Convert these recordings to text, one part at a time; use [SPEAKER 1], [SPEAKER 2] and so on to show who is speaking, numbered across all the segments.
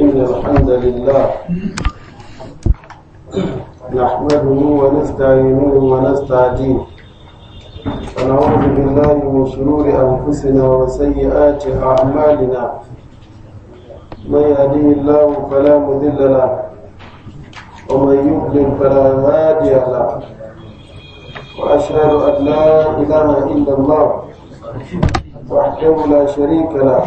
[SPEAKER 1] إن الحمد لله نحمده ونستعينه ونستعجيه ونعوذ بالله من شرور أنفسنا وسيئات أعمالنا من يهديه الله فلا مذل له ومن يضلل فلا هادي له وأشهد أن لا إله إلا الله وحده لا شريك له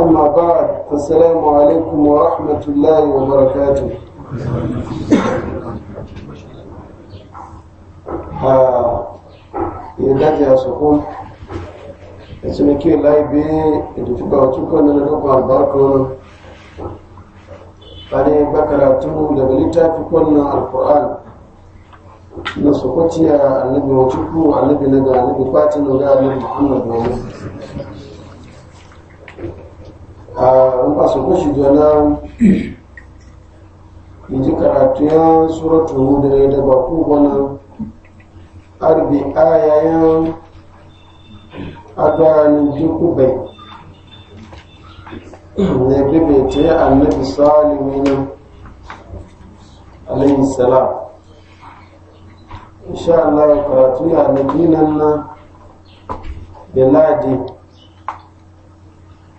[SPEAKER 1] أما بعد السلام عليكم ورحمة الله وبركاته ìdájẹ́ àsọ̀kọ́ ẹ̀sìnlẹ̀ kí láì bí ìdìfúkà ọ̀túnkọ́ nínú lọ́pọ̀ àbákan tare bakara tunu daga littafi kwanan alkur'an na sokotiya annabi wa cikin annabi na ga annabi kwatin da annabi muhammadu wa an faso mashi jana ji karatu ya suratu da ya da baku wani arbi ayayen adanin jiku bai ne bebe ce annabi salimin alayhi salam insha Allah karatu ya nan na beladi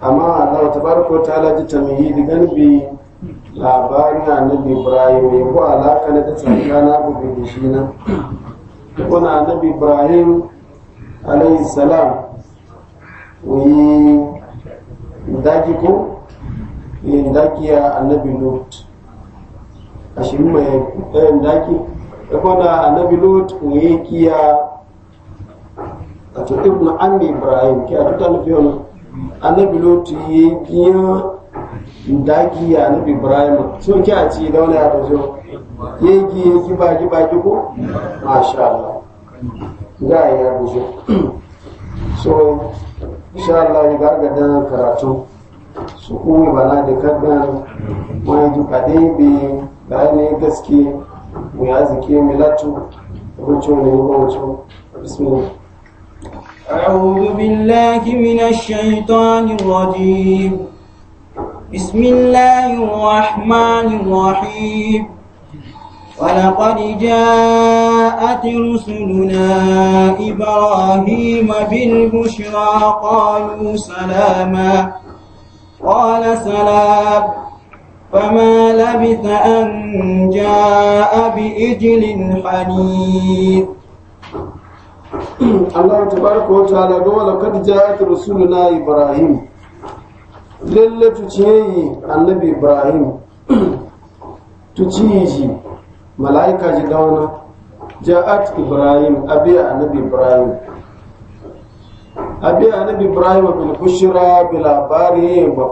[SPEAKER 1] amma Allah tabaraka wa ta'ala ji da ganbi labarin annabi Ibrahim ya ko alaka na da tsakana gobe da shi nan kuna annabi Ibrahim alayhi salam wani daki ko yin daki ya annabi Lut a shi mai ɗayan daki kuna annabi Lut wi kiya a to ibn Ibrahim kiya tutan fiyon annabi lotu yi biya daki ya annabi ibrahim so ki a ci daula ya da zo ye gi ye ki ba ki ba ki ko masha Allah ga ya da zo so insha Allah ya ga da karatu su kuma bana da kaddan wani dai bi bayan gaske mu ya zike milatu rucin ne rucin bismillah
[SPEAKER 2] أعوذ بالله من الشيطان الرجيم بسم الله الرحمن الرحيم ولقد جاءت رسلنا إبراهيم بالبشرى قالوا سلاما قال سلام فما لبث أن جاء
[SPEAKER 1] بإجل حنيذ Allah tabaraka wa ta'ala ga wala kad ja'at rasuluna Ibrahim lalle tu tuciyeyi annabi Ibrahim tu tuciyeyi malaika ji dauna ja'at Ibrahim abi annabi Ibrahim abi annabi Ibrahim bil bushra bil abari ko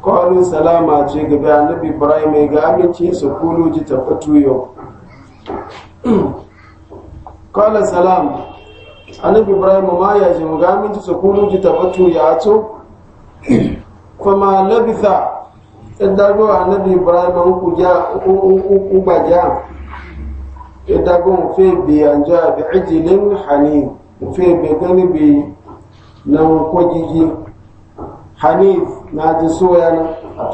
[SPEAKER 1] qalu salama ce ga annabi Ibrahim ga amince su kulu ji tabbatu yau kala salam annabi ibrahim ma ya ji mugamin ji sukunu ji tabatu ya to kuma idago annabi ibrahim ku ja idago mu fe bi bi gani bi na ji soya na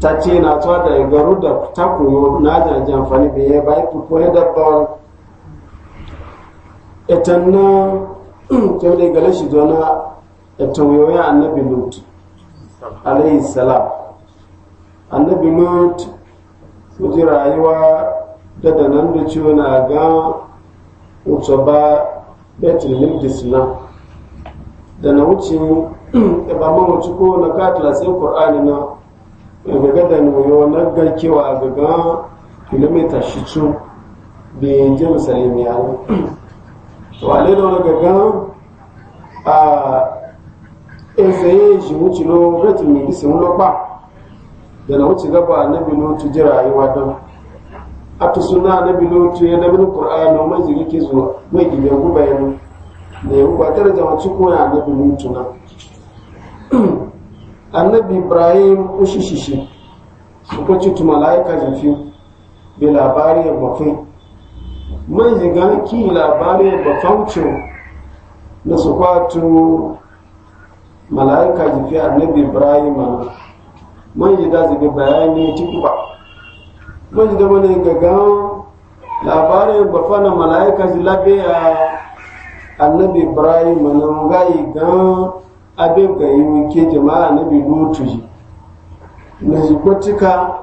[SPEAKER 1] ta ce na da garu da ta koyo na jajen fani bi bai etan hmm, na kyau gale shi zona etan wayoyin annabi lut alayhi salam annabi lut su ji rayuwa da da nan da ciwo na ga wuce ba betin limdis na da na wuce da hmm, e ba man wuce ko na katila sai kur'ani na e ga gada ne wayo na ga kewa ga kilomita shi cin da yin jami'ar ale dɔn gagan a ezaye shi wuce lo retin mai disi wulo ba da na wuce gaba na bilo tu ji rayuwa don a tu suna na bilo tu ya na bilo ƙur'ani mai jiri ke zuwa mai gibe guba yin da ya guba tare da wacce kuna na bilo tu na annabi ibrahim ushishishi ko ci tu malaika jafi bi labari ya mafi man shiga ki labarin ba faucin na su kwato mala'ika jifi annabi ibrahim man shiga shiga bayani tikuba man shiga wani gan labarin ba fana mala'ika ji labiya annabi ibrahim nan gayi gan abin ga yi muke jama'a annabi lutu ji na shi kwatika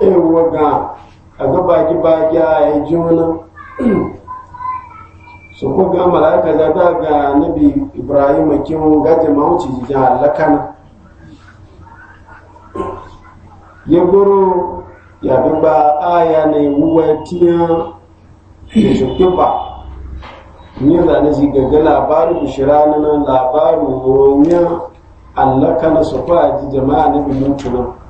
[SPEAKER 1] ewa eh, ga a ga bagi-bagi a yi jimina su ko ga malaika za ta ga nabi ibrahim kin gaje mawuci jija lakana ya goro ya bi ba aya ne wuwa tiya da ba ni da na ji gaga labarin bishira nan labaru ronya allaka na a ji jama'a nabi mutunan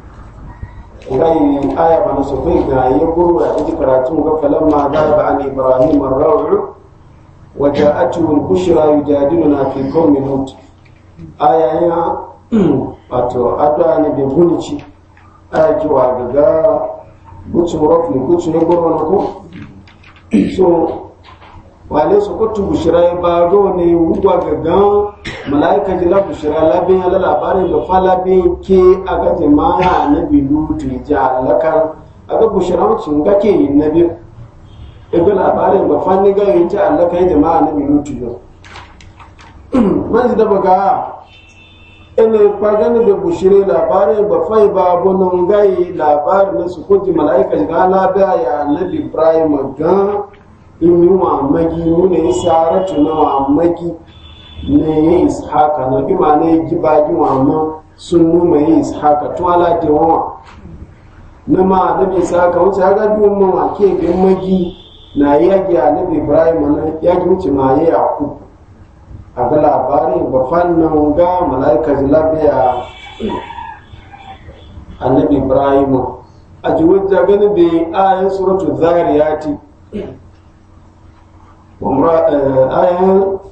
[SPEAKER 1] ngayi aya ba na kai ga ya gurwa ita karatu ga falamma gaba an ibrahim wajen rawu wa kushira yi bushra na fi qawmi lut aya ya wato adwa ne be bunici aya ji wa daga gutu rafu gutu ne na ku? so wale su kutu bushira ba do ne wugwa gagan malaika jila bushira labin ya labarin da fa labin ke a ga jama'a na bilu tuja alakar a ga bushira mutum ga ke yin na biyu ibi labarin da fa ni ga yin ta alaka ya jama'a na bilu tuja manzi da baga ina kwagani da bushira labarin ba fai ba abunan gai labarin na su kutu malaika jila labin ya nabi ibrahim gan in yi wa magi nuna yi saratu na wa ne na yi ishaka na ima na yi gibagi wa ma sun numa yi ishaka tun ala te wawa na ma na bi ishaka wuce haka bi wani ma ke bi magi na yagi a na bi ibrahim na yagi wuce ma ya aku. a ga labarin ba fannan ga mala'ika zilabiya annabi ibrahim a ji wajen ganin da ayan suratu zariyati Eh, ayan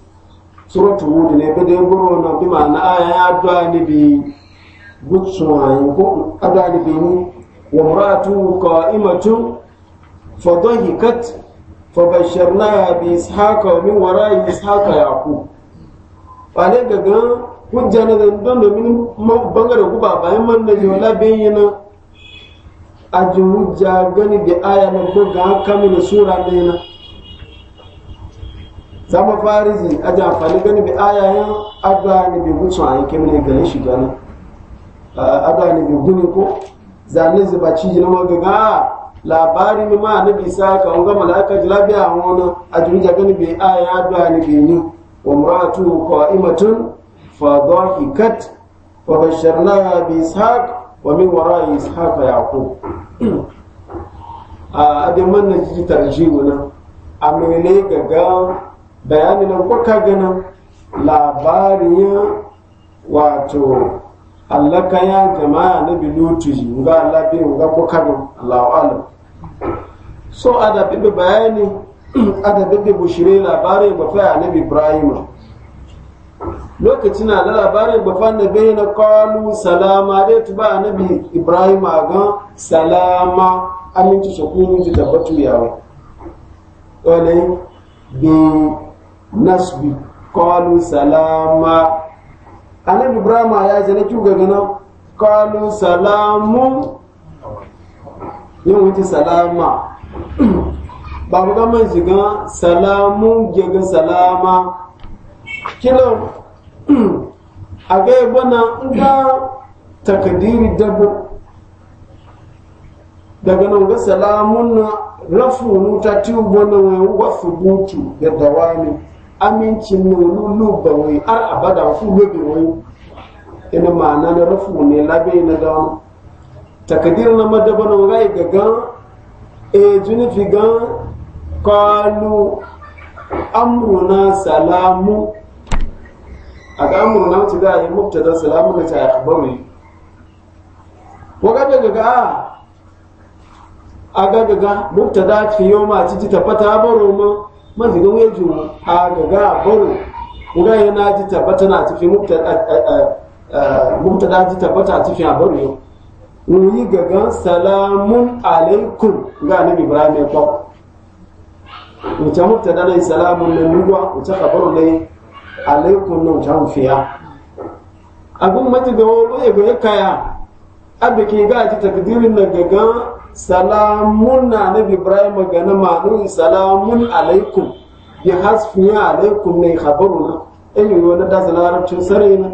[SPEAKER 1] suratu hudu ne bada yin guro na bi ma'ana ayan addu'a ne bi gutsuwayi ko addu'a ne bi ni wa muratu qa'imatu fa dhahikat fa basharnaha bi ishaqa min wara'i ishaqa yaqub Ale gaga hujja na da don domin bangare ba bayan man da yola bayyana a hujja gani da aya na ko goga kamil sura ne na zama farizi a jamfani gani bi ayayen agani bi gutsun a yankin ne gani shi gani agani bi guni ko zane zuba ciji na magaga labari mi ma na bisa ka wanga malaka bi a wani a jirja gani bi ayayen agani bi ni wa muratu ko imatun fa dhahikat wa basharnaha bi ishaq wa min wara'i ishaq yaqub a adin man na a tarjiwuna amene gaga bayani na kwaka ganin labarin wato allaka ya jama'a na bilutu ga allabi ga kwaka ga allahu alawala so ada bibi bayani ada bibi bushire labarin bafa annabi ibrahim lokaci na da labarin bafa na bayyana kalu salama dai tuba annabi ibrahim ga salama aminci shakuru ji tabbatu yawo wani bi nasbi qalu salama annabi ibrahim ya ji na kyuga gana qalu salamu yin wuce salama babu ga man ziga salamu gega salama kilo a ga bana ga takadiri dabo daga nan ga salamun na rafu nuta tiwo bana wani wasu butu da ne. amincin ne lulu ba wai har abada fu lobe wai ina ma'ana na rafu ne labe na ga takadir na madaba na ga ga e gan, e juni fi ga qalu amruna salamu A aga amruna ci ga yi da salamu na ta akhbaru wa ga ga ga a ga ga mubtada fi yoma ci ta fata baro ma man zigan weju a gaga baro ya na ji tabbata na cikin mubtada ji tabbata a cikin baro yau wuyi gaga salamun alaikum ga annabi ibrahim ya kwa wuce da na salamun na nugwa wuce kabaru na alaikum na wuce fiya abin mati ga wani ga kaya abin ke ga ji takdirin na gaga salamun na nabi ibrahim gana manu salamun alaikum bi hasfiya alaikum ne khabaruna in yi wani da larabcin sarai na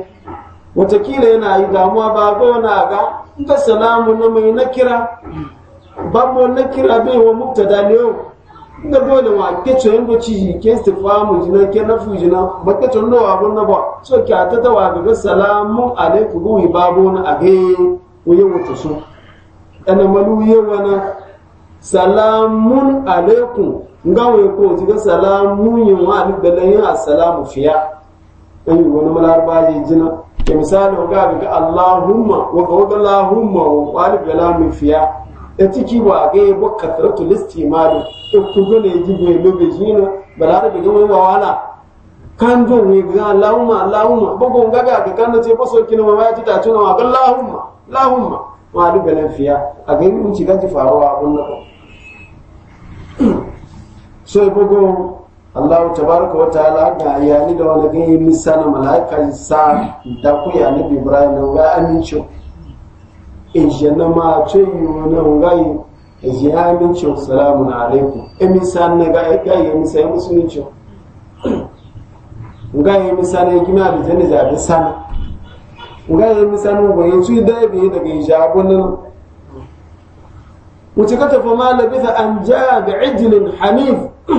[SPEAKER 1] watakila yana yi damuwa ba ga na ga in ka salamu na mai na kira ba mu na kira bai wa mubtada ne yau in ga dole wa ke tsoyin da ci ke istifamu jina ke na fujina ba ke tsoyin da wabon na ba so ki a ta tawa ga salamun alaikum babu na a ga yi wuyin wuta so ana maluye wana salamun alaikum ngawe ko tiga salamun yin wa ni balayin assalamu fiya ayi wani malarba ji jina ke misali ga ga allahumma wa ga allahumma wa alif lamu fiya e tiki wa ga bo katratu listimal e ku go ne ji be lo be jina balara be ga wa wala kan jo ne ga allahumma allahumma bo go ga ga kan ce bo so kina ma ya ci ta tuna wa allahumma allahumma ma duk ganin fiya a gani in cikin ci faruwa abun nan so ya bugu Allah tabaraka wa ta'ala ga yani da wani gani misalin mala'ikan sa da ku ya nabi Ibrahim nan ga amincin in je na ma ce yi wani gai in je amincin salamun alaikum in e misalin na ga ga ya misalin musulunci ga ya misalin gina da jani zabi sana nga yi misanu ba yin su da bi daga ijabun nan wuce ka tafi ma labisa an ja bi ijlin hanif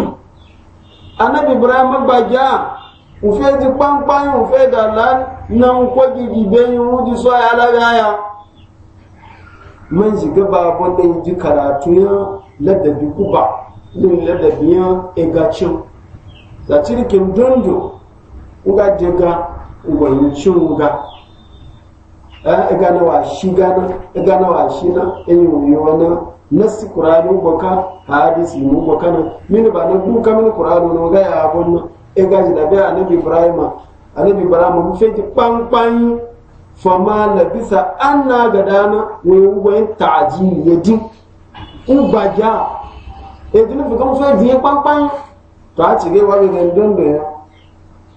[SPEAKER 1] annabi ibrahim ba ja ufe ji pampam ufe da lan nan ko gigi ben wuji so ya la ya man shiga babon da ji karatu ya ladabi kuba din ladabi ya egacin da cirkin dondo uga jega uga yin cin uga gana wa shi gana gana wa shi na yin yiwuwa na nasi kuranu boka hadisi mu boka na mini ba na duka mini kuranu na ga ya abun na e gaji da bai anabi ibrahima anabi ibrahima mu fenti kpankpan fama labisa an na ga dana wani wani ta'aji ya di in ba ja e dinu fi kan fenti ya kpankpan to a ci gai wani gandun da ya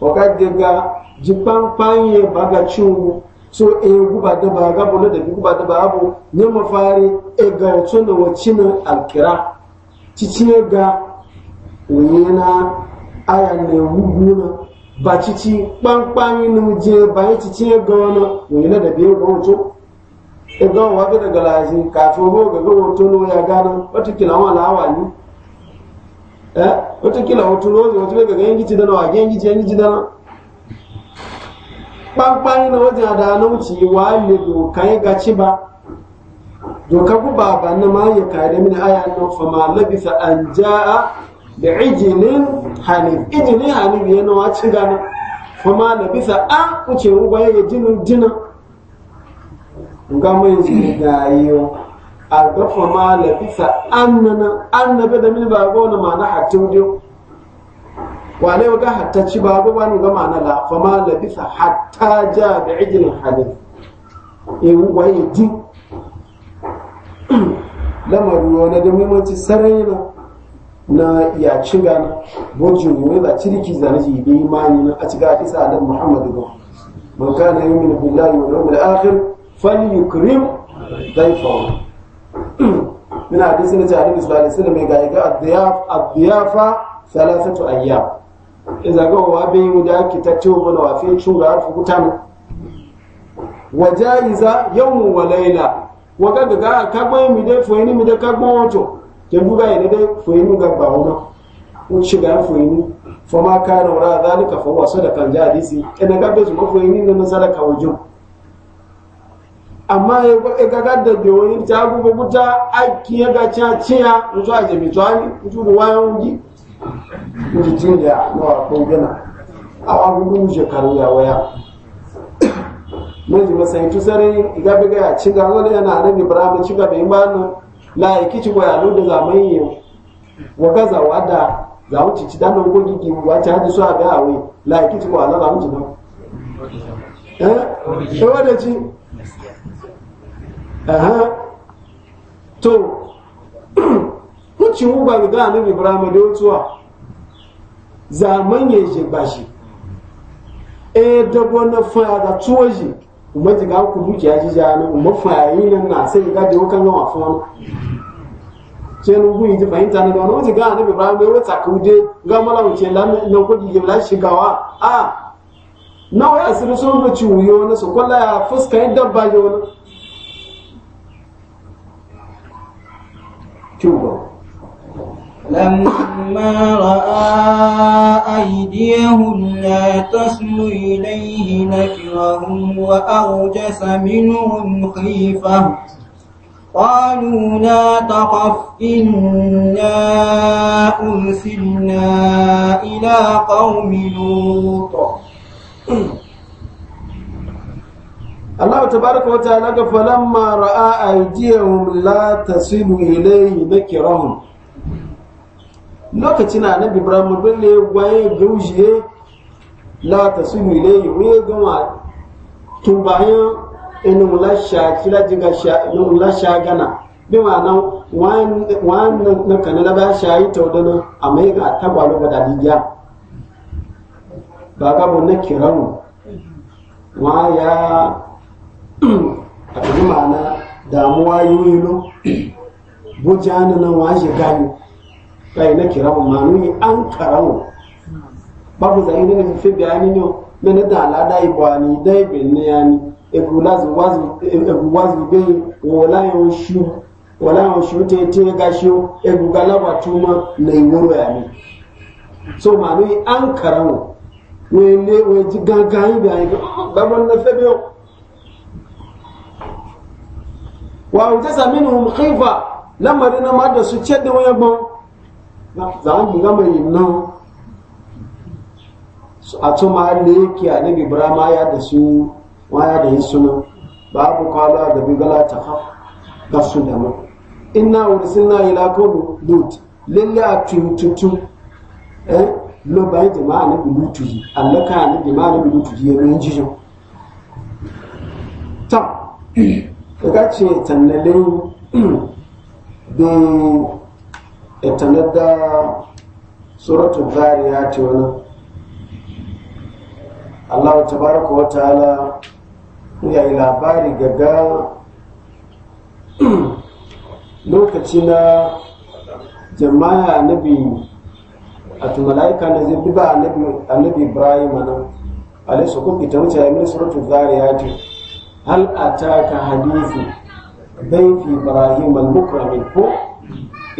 [SPEAKER 1] o ka diga ji kpankpan ya baga ciwo so e guba da ba ga bolo da guba da ba abu ne mafari e ga wato da wacin alkira cici ga wuyena aya ne na. ba cici kpankpan na je ba ya cici ga wani wuyena da biyu ga wato e ga wa bi daga laji kafin ho ga ga wato ya gana wata kila wa lawa ni eh wata kila wato na wa kpankpani na wajen yi wa le doka ya gaci ba doka ku ba ba na ma ya kai da mini aya nan fama ma labisa an ja'a da ijilin hanif ijilin hanif ya nawa ci gana fa ma labisa a kuce ruwa ya jinin jina ga mai shi da yiwu a ga fa ma labisa annana annabi da mini ba gona ma na hatin diyo wale ga hatta ci ba ga wani gama na la fa ma labisa hatta ja bi ijin hadith eh, e waye ji lamaru wani da mimanci sarai na na ya ci gana boji wani da ciriki zane shi bi imani na a cikin hadisa adam muhammadu ba man kana yuminu billahi wal yawmil akhir falyukrim dayfahu min hadisi na jahilin sallallahu alaihi wasallam ga ga adiyafa ثلاثة أيام izagawa wa bin wuda kitacce mana wa fi shunga harfi kutan wa jayiza yawmu wa laila wa ga ga kagbo mi de fo ni mi de kagbo to ke buga ni de fo ni ga ba ona o shiga fo ni fo ma kana wala zalika fa huwa sadaqan jadisi ina ga be zuma fo ni na sadaka wajo amma e ga ga da be wani ta gubo aiki akiya ga cha ciya mutu aje mi to ani mutu wayo ngi da ya wa kogina awa gudu wuce karu ya waya mun jima sai tusare iga biga ya ci ga wani yana nan ibrahim ci ga bai manu la ya kici wa yalo da zaman yi wa gaza wa da za mu ci dan ko gigi wa ta haji so a ga awe la ya kici wa la za mu ci dan eh ko eh, da ci aha to ci mu ba ga annabi ibrahim da wutuwa zaman ya ba bashi e da gona fa da tuwaji umma ji ga ku duke ya ji jani umma fa yi nan na sai ga da wakan yawa fa wani sai nun gun ji fahimta ne ga wani wuce ga annabi ibrahim da wuta ka wude ga mala wuce nan ko ji la shigawa a nawa ya sirri sun da ciwuyo na su kwalla ya fuska yin dabba ya wani kyau
[SPEAKER 2] لما رأى أيديهم لا تصل إليه نكرهم وأوجس منهم خيفة قالوا لا تخف إنا أرسلنا إلى
[SPEAKER 1] قوم لوط الله تبارك وتعالى فلما رأى أيديهم لا تصل إليه نكرهم lokacin na nabi ibrahim bille waye gaujiye la ta sunu ilayhi we gama tun bayan inu la sha kila diga gana bi ma'ana wannan na kanana ba shayi taudana a mai ga tagwa lo da diga ba ga na kiramu wa ya a bi ma'ana damuwa yoyilo bujana na wa shi gani kai na nu manu an karamu babu zai ne ne fi bayani ne me ne da alada ibani da ibenne yani ebulazi wazi ebuwazi be wola yon shu wola yo shu te te ga shu ebugala watuma na iworo yani so manu an karamu we ne we ji gangan yi bayani ah, ba mun na fe biyo wa utasaminu khifa lamma dana da su cede wayan gbon zan mu gama yin nan a tuma da yake a nabi birama ya da su waya da yin suna babu kwalwa da bigala ta ga su da mu inna ursilna ila qawmi lut lalla atuntutu eh lo bai jama'a na bi lutu Allah ka ni jama'a na bi lutu ya bi ji jo ta kaga ce tannalin da itanar da suratun zariya ce wani allah ta baraka wa ta'ala ya yi labari gaga lokaci na jama'a annabi a tumala'ika na zai bi ba annabi ibrahim nan alaisu kun ita wuce ya mini suratun zariya ce hal a ka hadisi bai fi ibrahim al-mukramin ko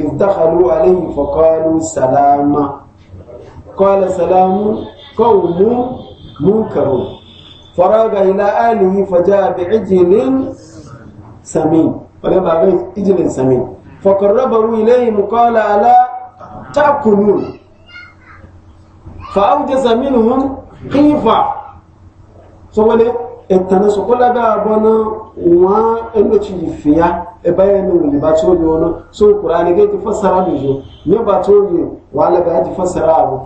[SPEAKER 1] إذ دخلوا عليه فقالوا سلاما قال سلام قوم منكرون فراغ إلى آله فجاء بعجل سمين فجاء بعجل سمين فقربه إليهم قال ألا تأكلون فأوجس منهم خيفة so wani etana so kola ga abona wa endo ci fiya e bayan ni ba to yo no so qur'ani ga ti fassara da jo ne ba to yo wala ga ti fassara abu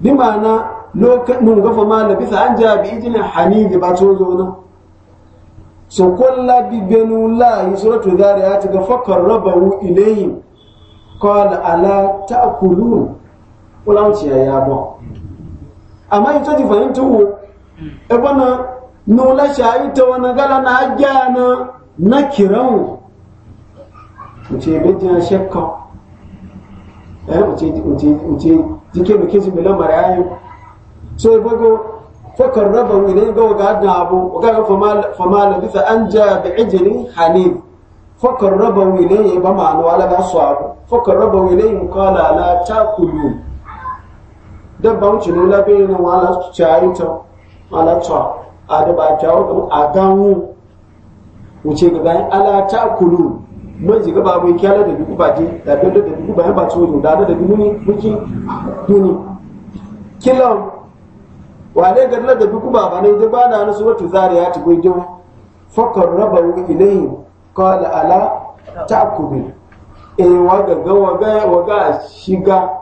[SPEAKER 1] bi ma'ana lokacin gafa ma labisa an ja bi idin hanidi ba to yo no so kola bi benu la yi suratu zariyat ga fakar rabahu ilayhi qala ala ta'kulun wala wuciya ya ba amma ita ti fahimtu e bana nula shayi ta wani gala na ajana na na kiran mace bejina shakka eh mace mace jike da kiji bilan marayi so e bago fakar raba ne ga ga da abu ga ga fama da bisa an ja bi ijrin hanif fakar raba idan ya ba ma ala ga su abu fakar raba ne kala la takulu dabba wuce nula bayin wala shayi ta malatwa a da ba ta wuka a ganu wuce ga bayan ala ta kulu mun ji gaba mai kyala da duku baje da dole da duku bayan ba tsoro da da duku ne muki duni kilon wane ga da duku ba ne da bana na suratu zariyat bai jin fakar ne ilayhi qala ala ta kulu e eh, waga ga waga waga shiga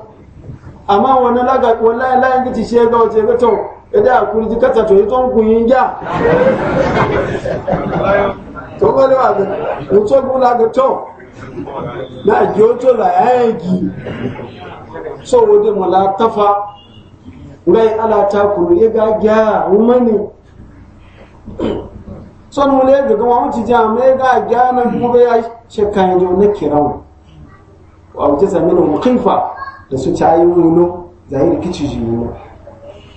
[SPEAKER 1] amma wani laga wallahi layan gici shi ga wace ga to idan kuri ji kasa to ito kun yin ja to wani wa ga mutu gula ga to na ji oto la yanki so wadda mala tafa ngai ala ta kuru ya ga gya umani so nule ga gama wuce ja mai ga gya na gobe ya shekka ya na kiran?" wa wuce sami da mukifa da su yi wuno zahiri kici wuno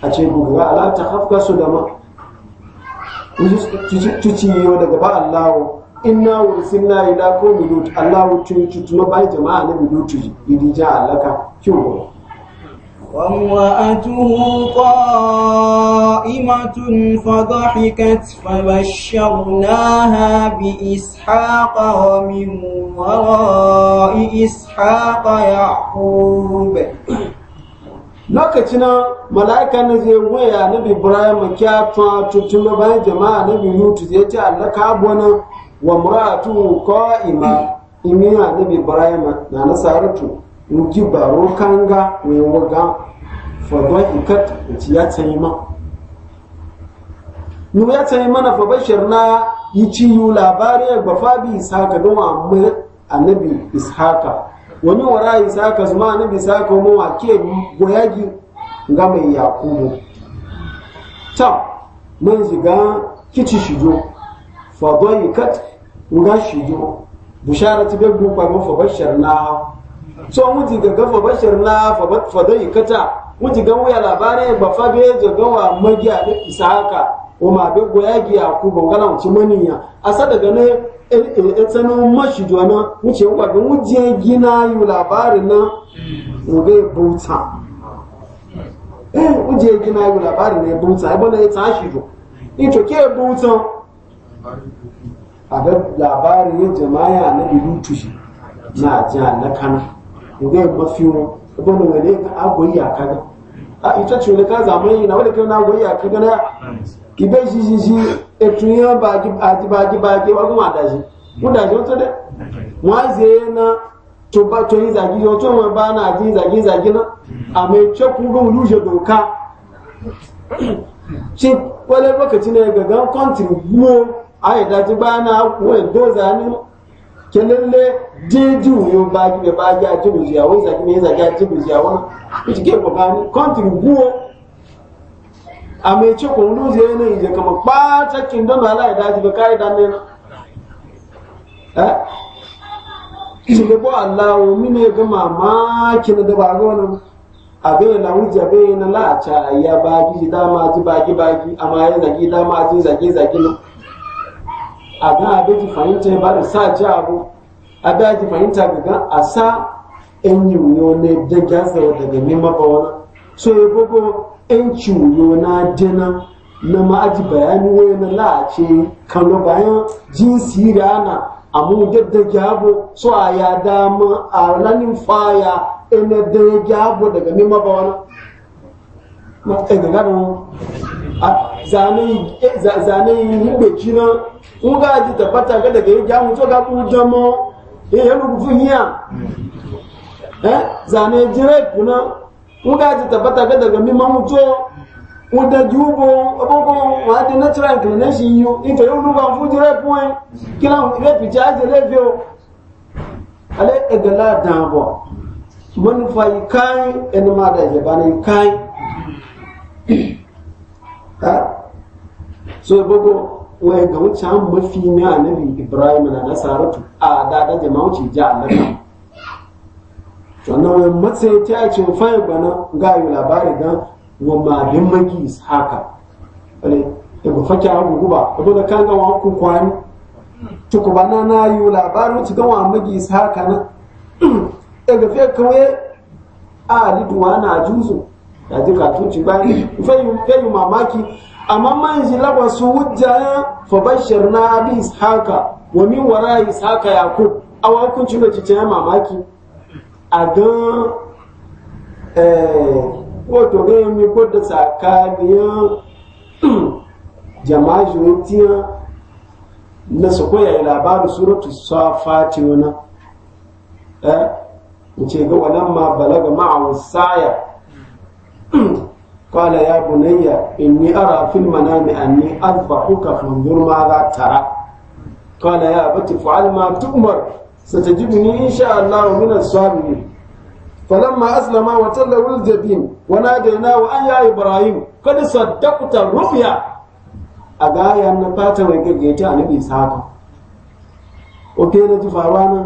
[SPEAKER 1] a ce guguwa ala ta hafka su da ma tuciyo daga ba allahu inna yi ila ko milut allahu tuci tuma bai jama'a na milutu ja alaka kiwo وامرأته
[SPEAKER 2] قائمة فضحكت فبشرناها بإسحاق ومن وراء إسحاق
[SPEAKER 1] يعقوب lokacin mala'ika na zai waya nabi ibrahim kya tun tutun bayan jama'a nabi yutu zai ce allah ka bona wa muratu qa'ima imiya nabi ibrahim na nasaratu mugi baro kanga mai waga fada'ikat ci ya tsayi ma nu ya tsayi mana fa bashir na yi ciyu labari ba fabi isaka don amma annabi ishaka wani wara isaka zuma annabi isaka mu wa ke goyagi ga mai yakubu ta mun shiga kici shijo fada'ikat ga shijo bisharatu bi gumpa mu fa bashir na so mu ji ga fa bashir na fa ikata. wuce gan wuya labarai ba fa be zo ga wa magiya ne isaka o ma be go ya giya ku ba ngala wuce maniya asa daga ne e, e tsano mashi jona wuce wa ga wuje gina yu labarin na mu ga buta eh wuje gina yu labarin na buta ai bana ya tashi jo ni e, to ke buta a ga labarin jama'a na bilutu na ja na kana mu ga mafiyo bana wale ka agoyi ya a ita ce wani kan zamani na wani kan agoyi ya kaga na ibe shi shi shi etu yan bagi bagi bagi bagi wa kuma daji mu daji wata na to ba to yi zagi yo ba na adị zagi zagi na a mai ce ku ga wulu je doka shi wani a na kenan ne jeji uyo bagi da bagi a jibu jiya wani zaki mai zaki a jibu jiya wani ita ke kokani kontri guwo a mai ce kun ruzi ya yanayi je kama ɓata kin don ala ya daji ba kayi dan nena eh ita ne ko allah wa mine ga mamakin da ba ga wani abin na wuce abin na la'aca ya bagi dama ji bagi bagi amma ya zaki dama ji zaki zaki na Aga gan abin ji fahimta ba da sa ji abu abin ji fahimta ga gan a sa in wuyo ne da gyasa daga nema ba wani so ya gogo in ci wuyo na dina na ma'aji bayani wani na la'ace kano bayan jinsi rana amu da gyabo so a ya dama a ranin faya ina da gyabo daga nema ba wani na zanen yi nga ji tabbata ga daga yake mu to ga ku jamo eh ya lu funya eh zane jire kuna nga ji tabbata ga daga mi mamu to uda jubo abogo wa de natural inclination yu ito yu lu ga fu jire point kila le pija je le vio ale egala danbo mun fa kai en ma da je bana kai ha so bogo wai ga wuce an mafi na annabi ibrahim na nasaratu a dada jama'a ce ji allaka sannan wai matsayi ta ce fayin bana ga yi labari don wa malin magi haka Wani da ku fake a guguba wato da kan gawa ku kwani tuku bana na yi labari wuce gawa magi haka na daga e fiye kawai a liduwa na juzu da ji katuci bayan fayin mamaki amma man shi laba su wujjaya fa bashir na abi ishaka wa min wara haka yakub awa hukuncin da cikin ya mamaki a don eh wato ganin mi ko da tsakaniyan jama'a jiwotiya na su koya labarin suratu safati wani eh ce ga walamma balaga ma'a wasaya قال يا بني إني أرى في المنام أني أذبحك فانظر ماذا ترى قال يا أبت فعل ما تؤمر ستجبني إن شاء الله من الصابرين فلما أسلم وتله الجبين وناديناه أن يا إبراهيم قد صدقت الرؤيا أغايا نباتا ويجيتا نبي ساقا وكينا تفاوانا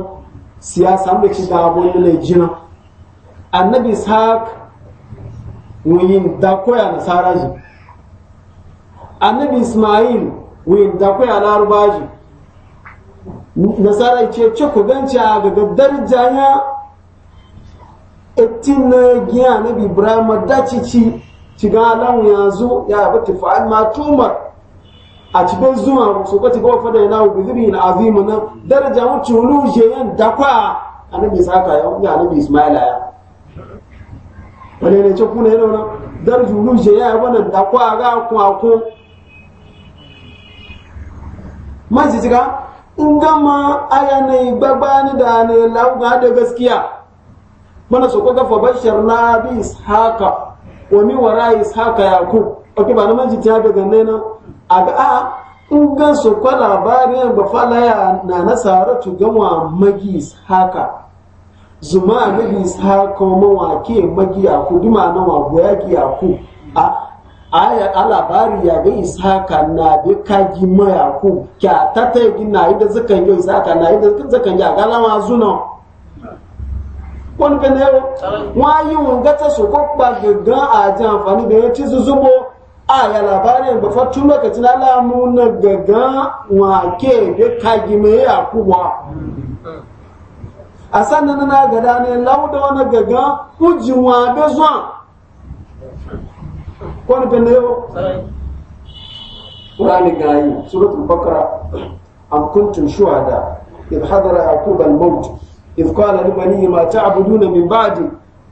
[SPEAKER 1] سياسة مكشدة من الجنة النبي ساق wuyin da koya nasara annabi ismail wuyin da koya laruba rubaji nasara ce ce ku ganci a ga gaddar janya etin na giya annabi ibrahim dace ci ci ga alamu yanzu ya bata fa'al ma tuma a cikin zuwa su ka ci gawa fada yana wuzuri na azim na daraja wuce wulu je yan dakwa annabi saka ya annabi ismaila ya wani ne ce kuna yana wani dar juru je ya yi wani da ko a ga ko a ko cika in gama aya ne gbagba da ne lauga da gaskiya mana su kuka bashar na bi ishaka wa mi wara ishaka ya ku ok ba na ta yi ta daga nena a ga a in gan su kwa labarin ba falaya na nasara tu gama magi haka. zuma sa ishaq mawake magiya ku duma na wago yaki giya ku a aya alabari ya ga ishaka na bi kaji maya ku kya tata yi na ida zakan yi ishaka na ida zakan yi a galama zuna wani fene yau wani yi wanga ta su kwakwa gaggan a ji amfani da ya ci zubo a ya labarin ba tun lokacin alamu na gaggan wake bi kaji maya ku ba a sannan na gada ne lauda wani gaga kujin wa zuwa ko ni pende yo qur'ani gayi suratul baqara am kuntum da idh hadara yaqub al maut idh qala li banihi ma na min ba'di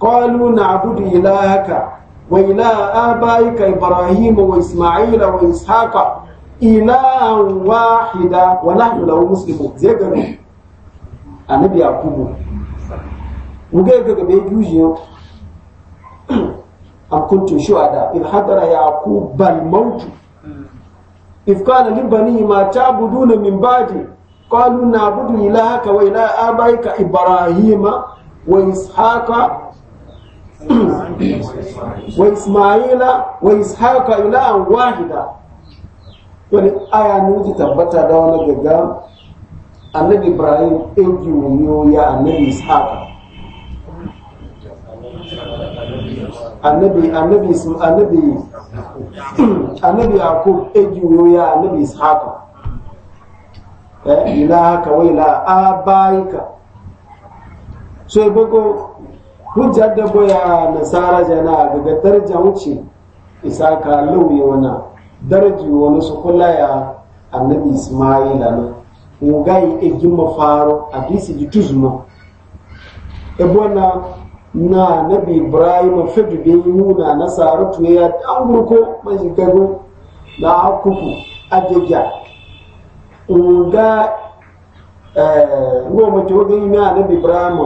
[SPEAKER 1] qalu na'budu ilahaka wa ilaha abaika ibrahima wa isma'ila wa ishaqa ilahan wahida wa nahnu lahu muslimun zai gani annabi yakubu muga ga gabe yujiyo am kuntum shuhada in hadara yaqub al maut If qala li banihi ma ta'buduna min ba'di qalu na'budu ilahaka wa ilaha abaika ibrahima wa ishaqa wa isma'ila wa ishaqa ilahan wahida wani aya nuji tabbata da wani gaggawa annabi ibrahim ɗinki wuyo ya annabi ishaq annabi annabi su annabi annabi yakub ɗinki wuyo ya annabi ishaqa eh ilahaka wa ila abaika so e bogo hujja da boya nasara jana daga daraja wuce isaka lauye wana daraji wani su kula ya annabi ismaila na ngai egima faro hadisi jituzmo ebona na nabi ibrahim fedu be yuna na saratu ya angurko majigago na akuku ajeja nga eh ngo na be yuna nabi ibrahim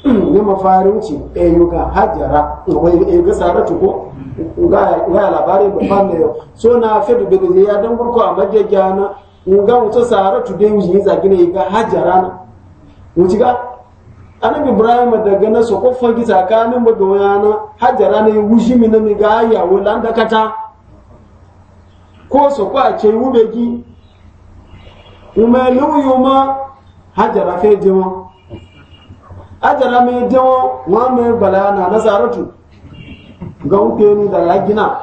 [SPEAKER 1] ne mafarin ci e yuka hajara e ga saratu ko ya labara labari ba so na fedu be ya dan gurko amajeja na nga wuce sahara tu dai wujin za gina ga hajjara na wuce ga anan ibrahim da na so kofa gi kanin ba doya na hajjara ne wuji mi na mi ga ya wala da kata ko so kwa ce wube gi umalu yuma hajjara fe jima hajjara me jima wa me balana na saratu ga wuce ni da lagina gina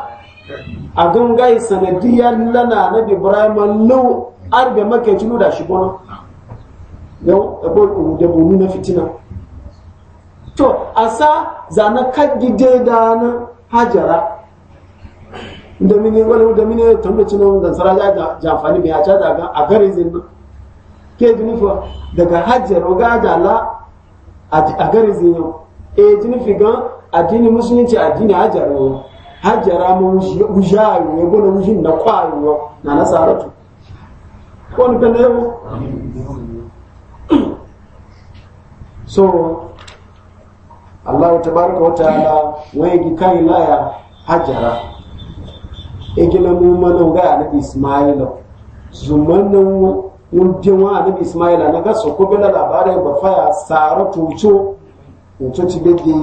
[SPEAKER 1] a gangaye sanadiyar lana na ibrahim lau arbe make tunu da shi gona yau ku da bo na fitina to asa zana kadide da na hajara da mini wala da mini tambaci na da saraja da jafani mai acha daga a gare zin ke dinu fa daga hajara ga la a gare zin yau e dinu fi gan addini musulunci addini hajjaro hajjara mu wujayo yabo na wujin na kwayo na nasaratu ko ni so Allah tabaraka wa ta'ala wai gi kai laya hajara egila mu mana ga annabi Isma'ila zuman nan mun je wa annabi Isma'ila na ga so ko bela labarin ba fa saratu cho to ci bege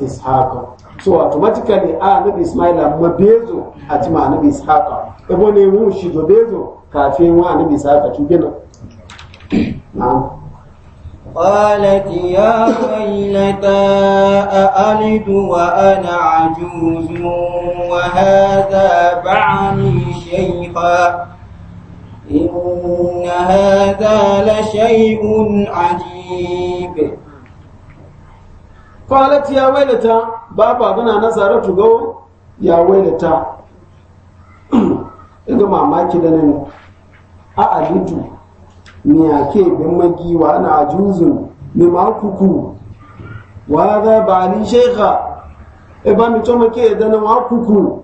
[SPEAKER 1] Ishaqa so automatically a annabi Isma'ila mabezo a ci ma annabi Ishaqa ebo mu shi do bezo Kafin wa an bi sa da dubina.
[SPEAKER 2] Falet ya fahimta a al'adu wa al'adu wasu wasu ba zan shayi ba, yana
[SPEAKER 1] da hannuna shayi mun ya wayar da ta babu abu na Saratu ya wayar da ta. a alitu me ke bin wa ana ajuzun ni ma kuku wa za ba ni shekha e ba mi toma ke da na wa kuku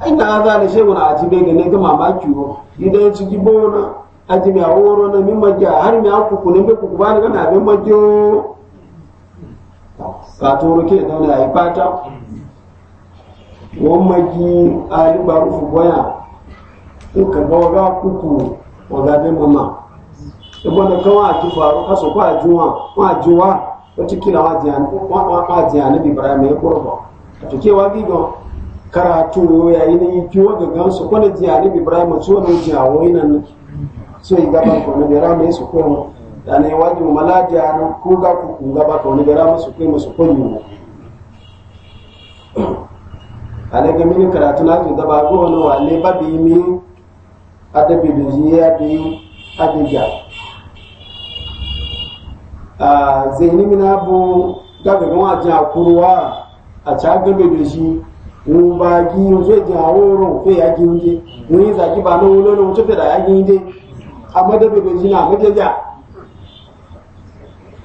[SPEAKER 1] ai na za ni shehu na ajibe ga ne ga mamaki wo idan ci gibo na ajibe a woro na mi magiya har mi kuku ne kuku ba ni ga na bin magiyo ka toro ke da na ai fata wa magi ali barufu boya nke bawa ga kuku ọ̀gáde mọ́mà ẹgbọ́n kan wọ́n àti faru kásọ̀ kó àjú wọn wọ́n àjú wa wọ́n ya kí làwọn àjẹ́ àníbi ìbára mi kúrò bọ̀ àtúkẹ́ wa gígan karatu yóò yà yín ní kí wọ́n gàgán sọ kọ́ni so yi kan níbi ìbára mi sọ pé wọn yàní iwájú wọn aláàjẹ àná kó gà kúkú ìgbàgbà kan níbi ìbára mi sọ pé adabidoji abi adija a zeni bu daga gan ajin akuruwa a ci agabidoji wọn ba gi ojú èdè àwọn oòrùn fẹ́ yagi oúnjẹ wọn yí zagi ba lówó lónà wọn tó fẹ́ dà yagi oúnjẹ amadabidoji na amadaja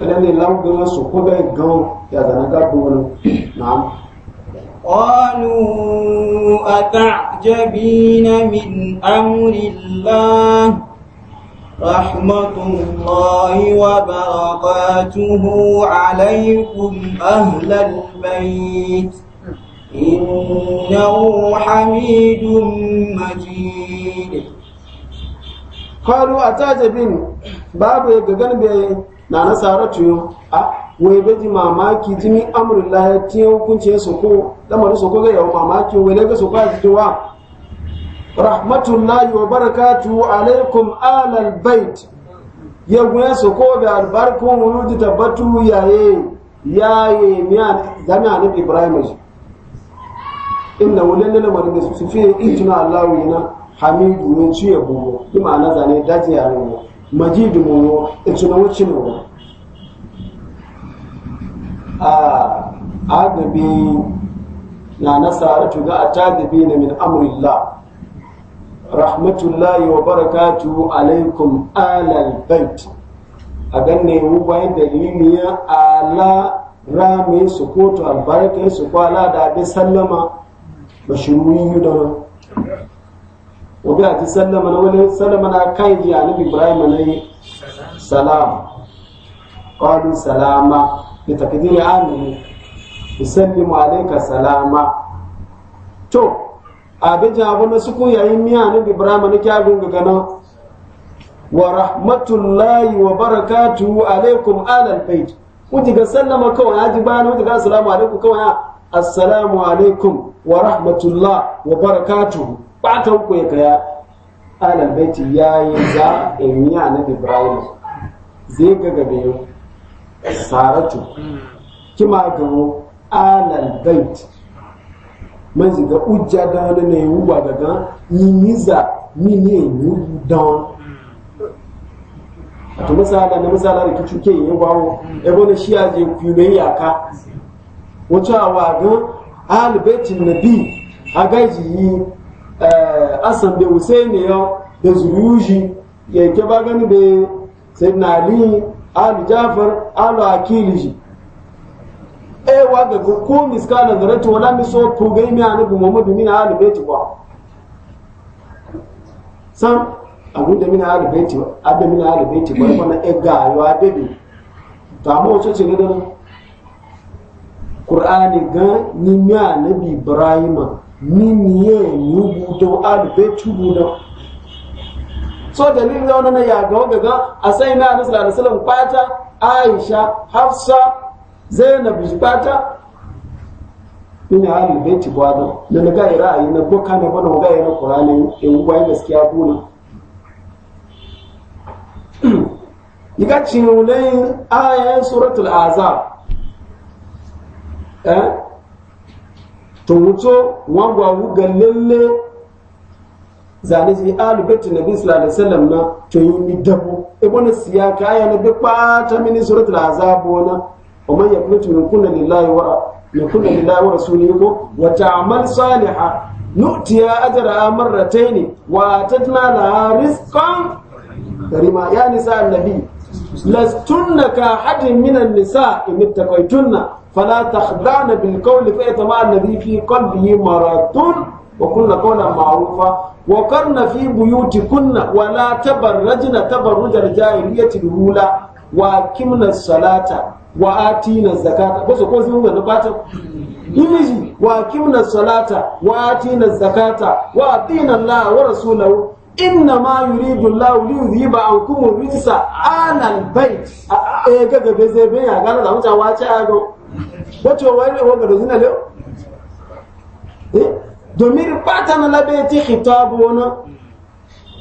[SPEAKER 1] ẹlẹ́ni láwùgbọ́n sọ̀kọ́ bẹ́ẹ̀ gan yàtọ̀ nígbà gbọ́n náà. قالوا
[SPEAKER 2] أتعبد معجبين من أمر الله رحمة الله وبركاته عليكم أهل البيت إنه حميد مجيد
[SPEAKER 1] قالوا أتعجبين باب يقدر بي نانا سارتو wai gaji mamaki jini amurla ya tiyan ya soko lamarin soko ga yawa mamaki wai na ga soko a jikin wa rahmatullahi wa barakatuhu alaikum alal bait yagun su ko da albarkun wuludu tabbatu yaye yaye miya zama ne ibrahim inda wulin lana mari su fiye ituna allahu yana hamidu ne ciye bugo ima na zane daji ya ruwa majidu mu ituna wucin mu a agabi na nasara tuga a tagabi na min amurillah rahmatullahi wa barakatu alaikum alal bait a ganne mu bayan da liniya ala rami su kotu albarkai su kwala da abin sallama ba shi yi da wa bi sallama na wani sallama na kai ji annabi ibrahim yi salam qalu salama bi takdiri amini isallimu alayka salama to abin jabu na suku yayin miya na ibrahim na kyabin gano? wa rahmatullahi wa barakatu alaikum alal bait wuti ga sallama kawai ji bayan wuti ga assalamu alaikum kawai assalamu alaikum wa rahmatullah wa barakatu bata ku ya kaya alal bait yayi za a miya na ibrahim zai ga gabe yau saratu kima gabo alal bait man shiga ujja da wani ne wuwa daga yinyiza ni ne yiwu don a to misala na misala da kicu ke yin gwawo ebe na shi aje fiye yaka wacce a wagan alibaitin nabi a gaji yi eh, asan da husaini ya da zuriyuji ya ke ba gani da sai na ali alu jafar alu ewa ga ko miskala da rato wala mi ga to gai mi mamu bi min ahli baiti ba sam abu da mina ahli baiti ba abu mina ahli baiti ba kuma e ga yo abebe to amma wato ce ne da qur'ani ga ni mi anabi ibrahima ni ni ye ni bu to ahli baiti bu da so dalilin da wannan ya ga ga asai na annabi sallallahu alaihi wasallam kwata aisha hafsa zainab shi bata ina hali beti ci da na ga ra'ayi na boka na bana ga na qur'ani e in gwai gaskiya buna yiga cinulai aya suratul azab eh to wuto wagwa wuga lalle zane shi alu beti nabi sallallahu alaihi wasallam na to yi dabo e bona siya aya na bi pata min suratul azab bona ومن يقنت منكن لله ورا منكن لله ورسوله وتعمل صالحا نؤتيها أجرها مرتين وآتتنا لها رزقا كريما يا نساء النبي لستن كأحد من النساء إن اتقيتن فلا تخضعن بالقول فيتمع الذي في قلبه مرض وكن قولا معروفا وقرن في بيوتكن ولا تبرجن تبرج الجاهلية الأولى وأقمن الصلاة wa atina zakata ba ko sun ga batan imiji wa kimna salata wa atina zakata wa atina Allah wa rasulahu inna ma yuridu Allah li yudhiba ankum rijsa ala albayt e eh, ga ga be zai be ya ga da mutane wace a ga wace wai ne wanda zina leo eh domin batan la be ti khitabu wannan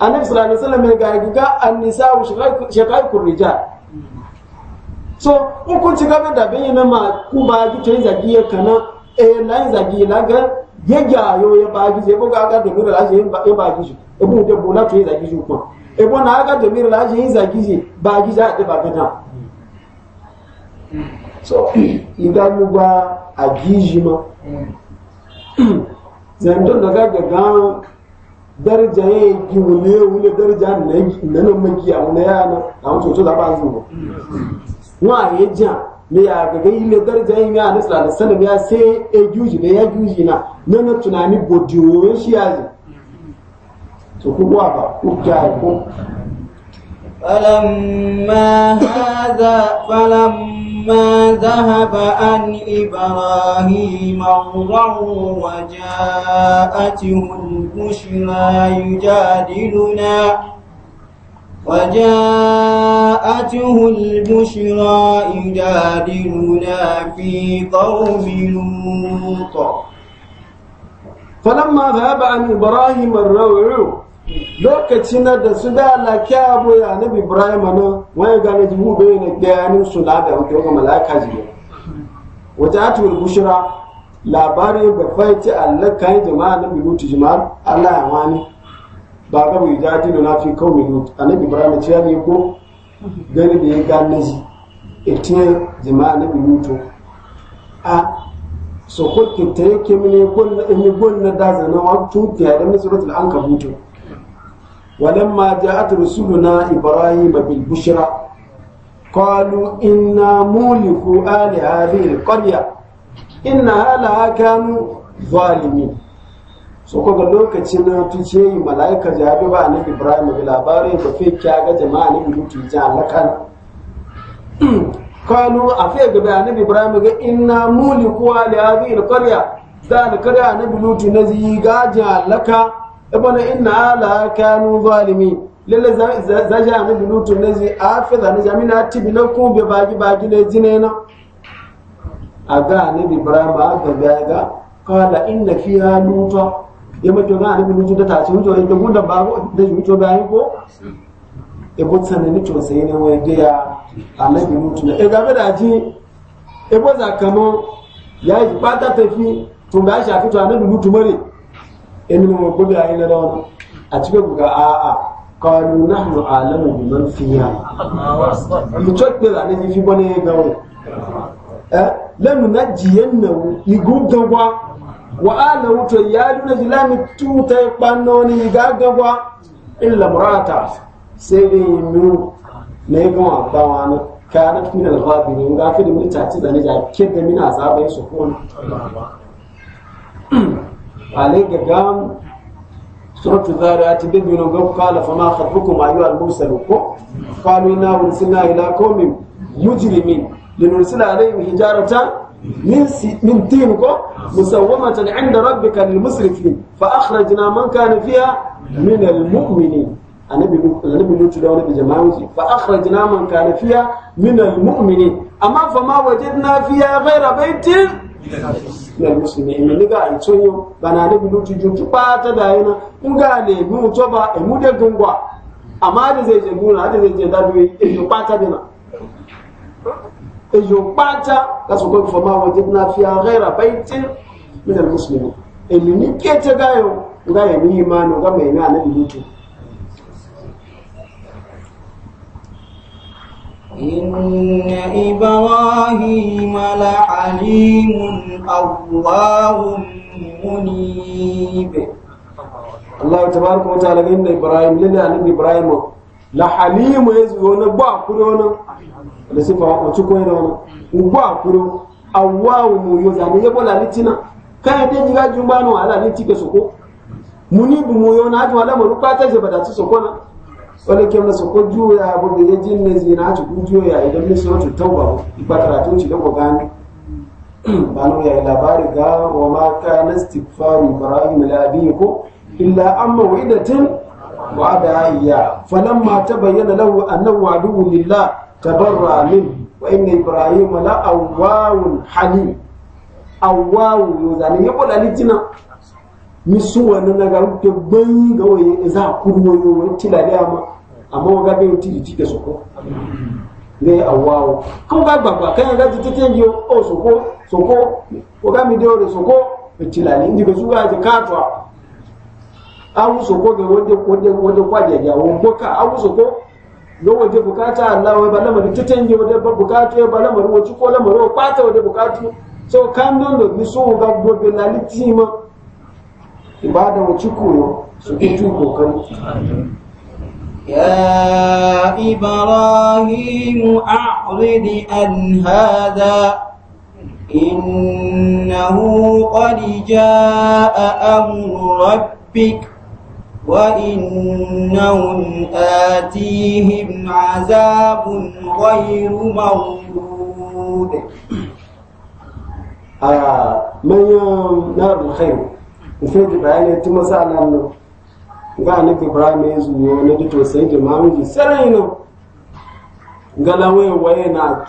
[SPEAKER 1] annabi sallallahu alaihi wasallam ga ga annisa wa shaqaiqur rijal so in kun ci gaba da bayyana ma ku ba ki tayi zagiye kana eh nan zagi la ga ya yo ya ba ki ko ga ga da mira la yin ba ba ki shi e bu da bola tayi zagi shi ko e bo na ga da mira la yin zagi shi ba ki za da ba ga so idan mu ba a gijima zan don da ga ga daraja ya ki wule wule daraja na na nan maki a wani yana a wani coco da ba su ba wa ya jan me ya ga yi le daraja yi ya na sallallahu sallam ya se e juji ne ya juji na na na tunani bodiyo shi ya ji to ku ba ku kai ku
[SPEAKER 2] falamma hadha falamma ما ذهب عن إبراهيم مرضه وجاءته البشرى يجادلنا وجاءته البشرى يجادلنا في قوم
[SPEAKER 1] لوط فلما ذهب عن إبراهيم الروع lokaci na da su da lakiya abu ya nabi ibrahim na wani gane jibu bai na bayanin su da da wuce ga malaka jiya wata atul bushra labari ba faiti allah kai jama'a bi mutu jama'a allah ya wani ba ga mu jadi da nafi kawai a annabi ibrahim ce ya ne ko gani da ya gane ji ita jama'a bi mutu a so ko kinta yake mene na in na da zanan wa tutiya da misratul ankabutu ولما جاءت رسلنا إبراهيم بالبشرى قالوا إنا مولكو آل هذه القرية إن أهلها كانوا ظالمين soko ga lokaci na tuce yi mala'ika jabi ba na ibrahim bi labarin da fi kya ga jama'a ne mutu a alakan kanu a fi ga bayanin ibrahim ga inna muliku da na bulutu na ziga ibana ina ala kanu zalimi lalle za ja mu bilutu ne zi afiza ne jamina tibi na kun be bagi bagi ne jine na aga ne bi ibrahim aga ga ga kala fi fiha nuta ya mato ga ne bilutu da ta ci mutu da gunda ba da mutu ba yi ko e botsa ne ni to sai ne wai da ya annabi mutu e ga da ji e boza kamo ya yi pata tafi to ga shi a fito annabi mutu mare in mu ko ina da a cikin ga a a qalu nahnu a'lamu biman fiha mu tokbe da ne fi bane ga eh, wani eh lam najiyannahu igun gagwa wa ala wuto ya duna jilami tuta pannoni gagwa illa murata sai dai mu ne ga wa bawana kanat min ga fi da mutaci da ne ja su kuma alenga gam surat dhariyat bibi no gam qala fama khatukum ayu al mursalu ko qalu inna ursilna ila qaumin mujrimin linursila alayhim hijarata min min tin ko musawwamatan inda rabbika lil musrifin fa akhrajna man kana fiha min al mu'minin annabi annabi mutu da wani jama'i fa akhrajna man kana fiha min al amma fama wajadna fiha ghayra baitin ilẹ̀ mùsùlùmí èmi nígbà ìtúnyó bàná níbi ló tuntun tó pátá dáyé náà nígbà lè mú ìjọba èmúdé gbòǹgbà àmọ́ àdìsẹ̀ ìjẹ̀gùn náà àdìsẹ̀ ìjẹ̀dájú èyí pátá dínà èyí pátá lásìkò ìfọ̀mọ́ àwọn jẹ́ na e fi àrẹ́rà báyìí tí nílẹ̀ mùsùlùmí èmi ní kété gáyọ̀ gáyọ̀ ní ìmánu gámẹ̀ ní ànábì lójú
[SPEAKER 2] Inna Ibrahim la alim
[SPEAKER 1] awwahum munib. Allah Taala kau cakap lagi Inna Ibrahim ni ni alim Ibrahim. La alim ni tu orang buat aku tu orang. Ada siapa aku cakap ini orang. Aku buat aku tu awwahum muiyaz. Ada siapa nak lihat ni? Kau ada juga jumpa orang ada lihat ke suku. Munib muiyaz. Ada orang ada muka tu siapa dah tu suku na. wani ke su ko juya abu da ya ji zina ci kun juya idan ne sun wata tauba ba karatu ci da gani ba no ya yi labari ga wa ma na istighfaru ibrahim labi ko. illa amma wa'idatin wa'adaya. iya ta bayyana lahu annahu aduwwu lillah tabarra min wa inna ibrahim la awwawun halim awwawu ya kula litina misuwa na naga gbanyi ga waye za kurwo wani tilali amma. àmọ́ wọn gágé ohun tí ìdí jíkẹ sọ̀kọ́ ní àwọ̀ àwọ̀ kí wọ́n bá gbàgbà kẹ́yìn láti títí yìí ó sọ̀kọ́ sọ̀kọ́ ọ̀gá mi dé orí sọ̀kọ́ ìtìlà ní ìdí gbèsú láti káàtó à àwọn sọ̀kọ́ gẹ̀ wọ́n dé wọ́n dé wọ́n dé kó àjẹjẹ àwọn gbọ́ká àwọn sọ̀kọ́ lọ́wọ́ dé bùkátà aláwọ̀ ẹba lẹ́mọ̀rí títí yìí wọ́n dé bùkátà ẹba lẹ́mọ̀rí wọ́n túkọ́ lẹ́mọ̀rí wọ́n pátá wọ́n dé bùkátà so kandon da biso ga gobe na litima ibada wa su يا إبراهيم
[SPEAKER 2] أعرض عن هذا إنه قد جاء أمر ربك وإنهم آتيهم عذاب غير مردود
[SPEAKER 1] آه من يوم نار الخير وفي بيان تمسى على النور ga ni ibrahim ya zuwa na dito sai da mamuji sarai no galawe waye na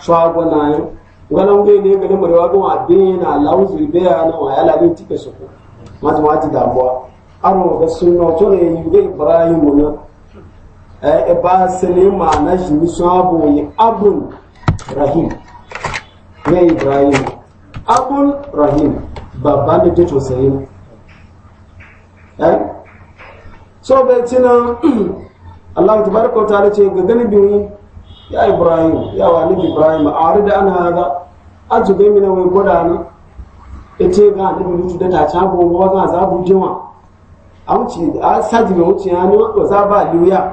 [SPEAKER 1] na yo galan ge ne gani murwa ga wa na lauzu be ya na wa yala bin tike su ma ta wati da bo aro ga sunna to ne yi ga ibrahim na eh ba sene ma na ji mi sabo abun rahim ne ibrahim abun rahim to sai eh so bai tina Allah tabaraka ta'ala ce ga gani bin ya Ibrahim ya wa nabi Ibrahim arida an hada ajuga mina wai ya ce ga nabi lutu da ta ta gogo ba ga za bujewa a wuce a saji ga wuce ya ne wa za ba liya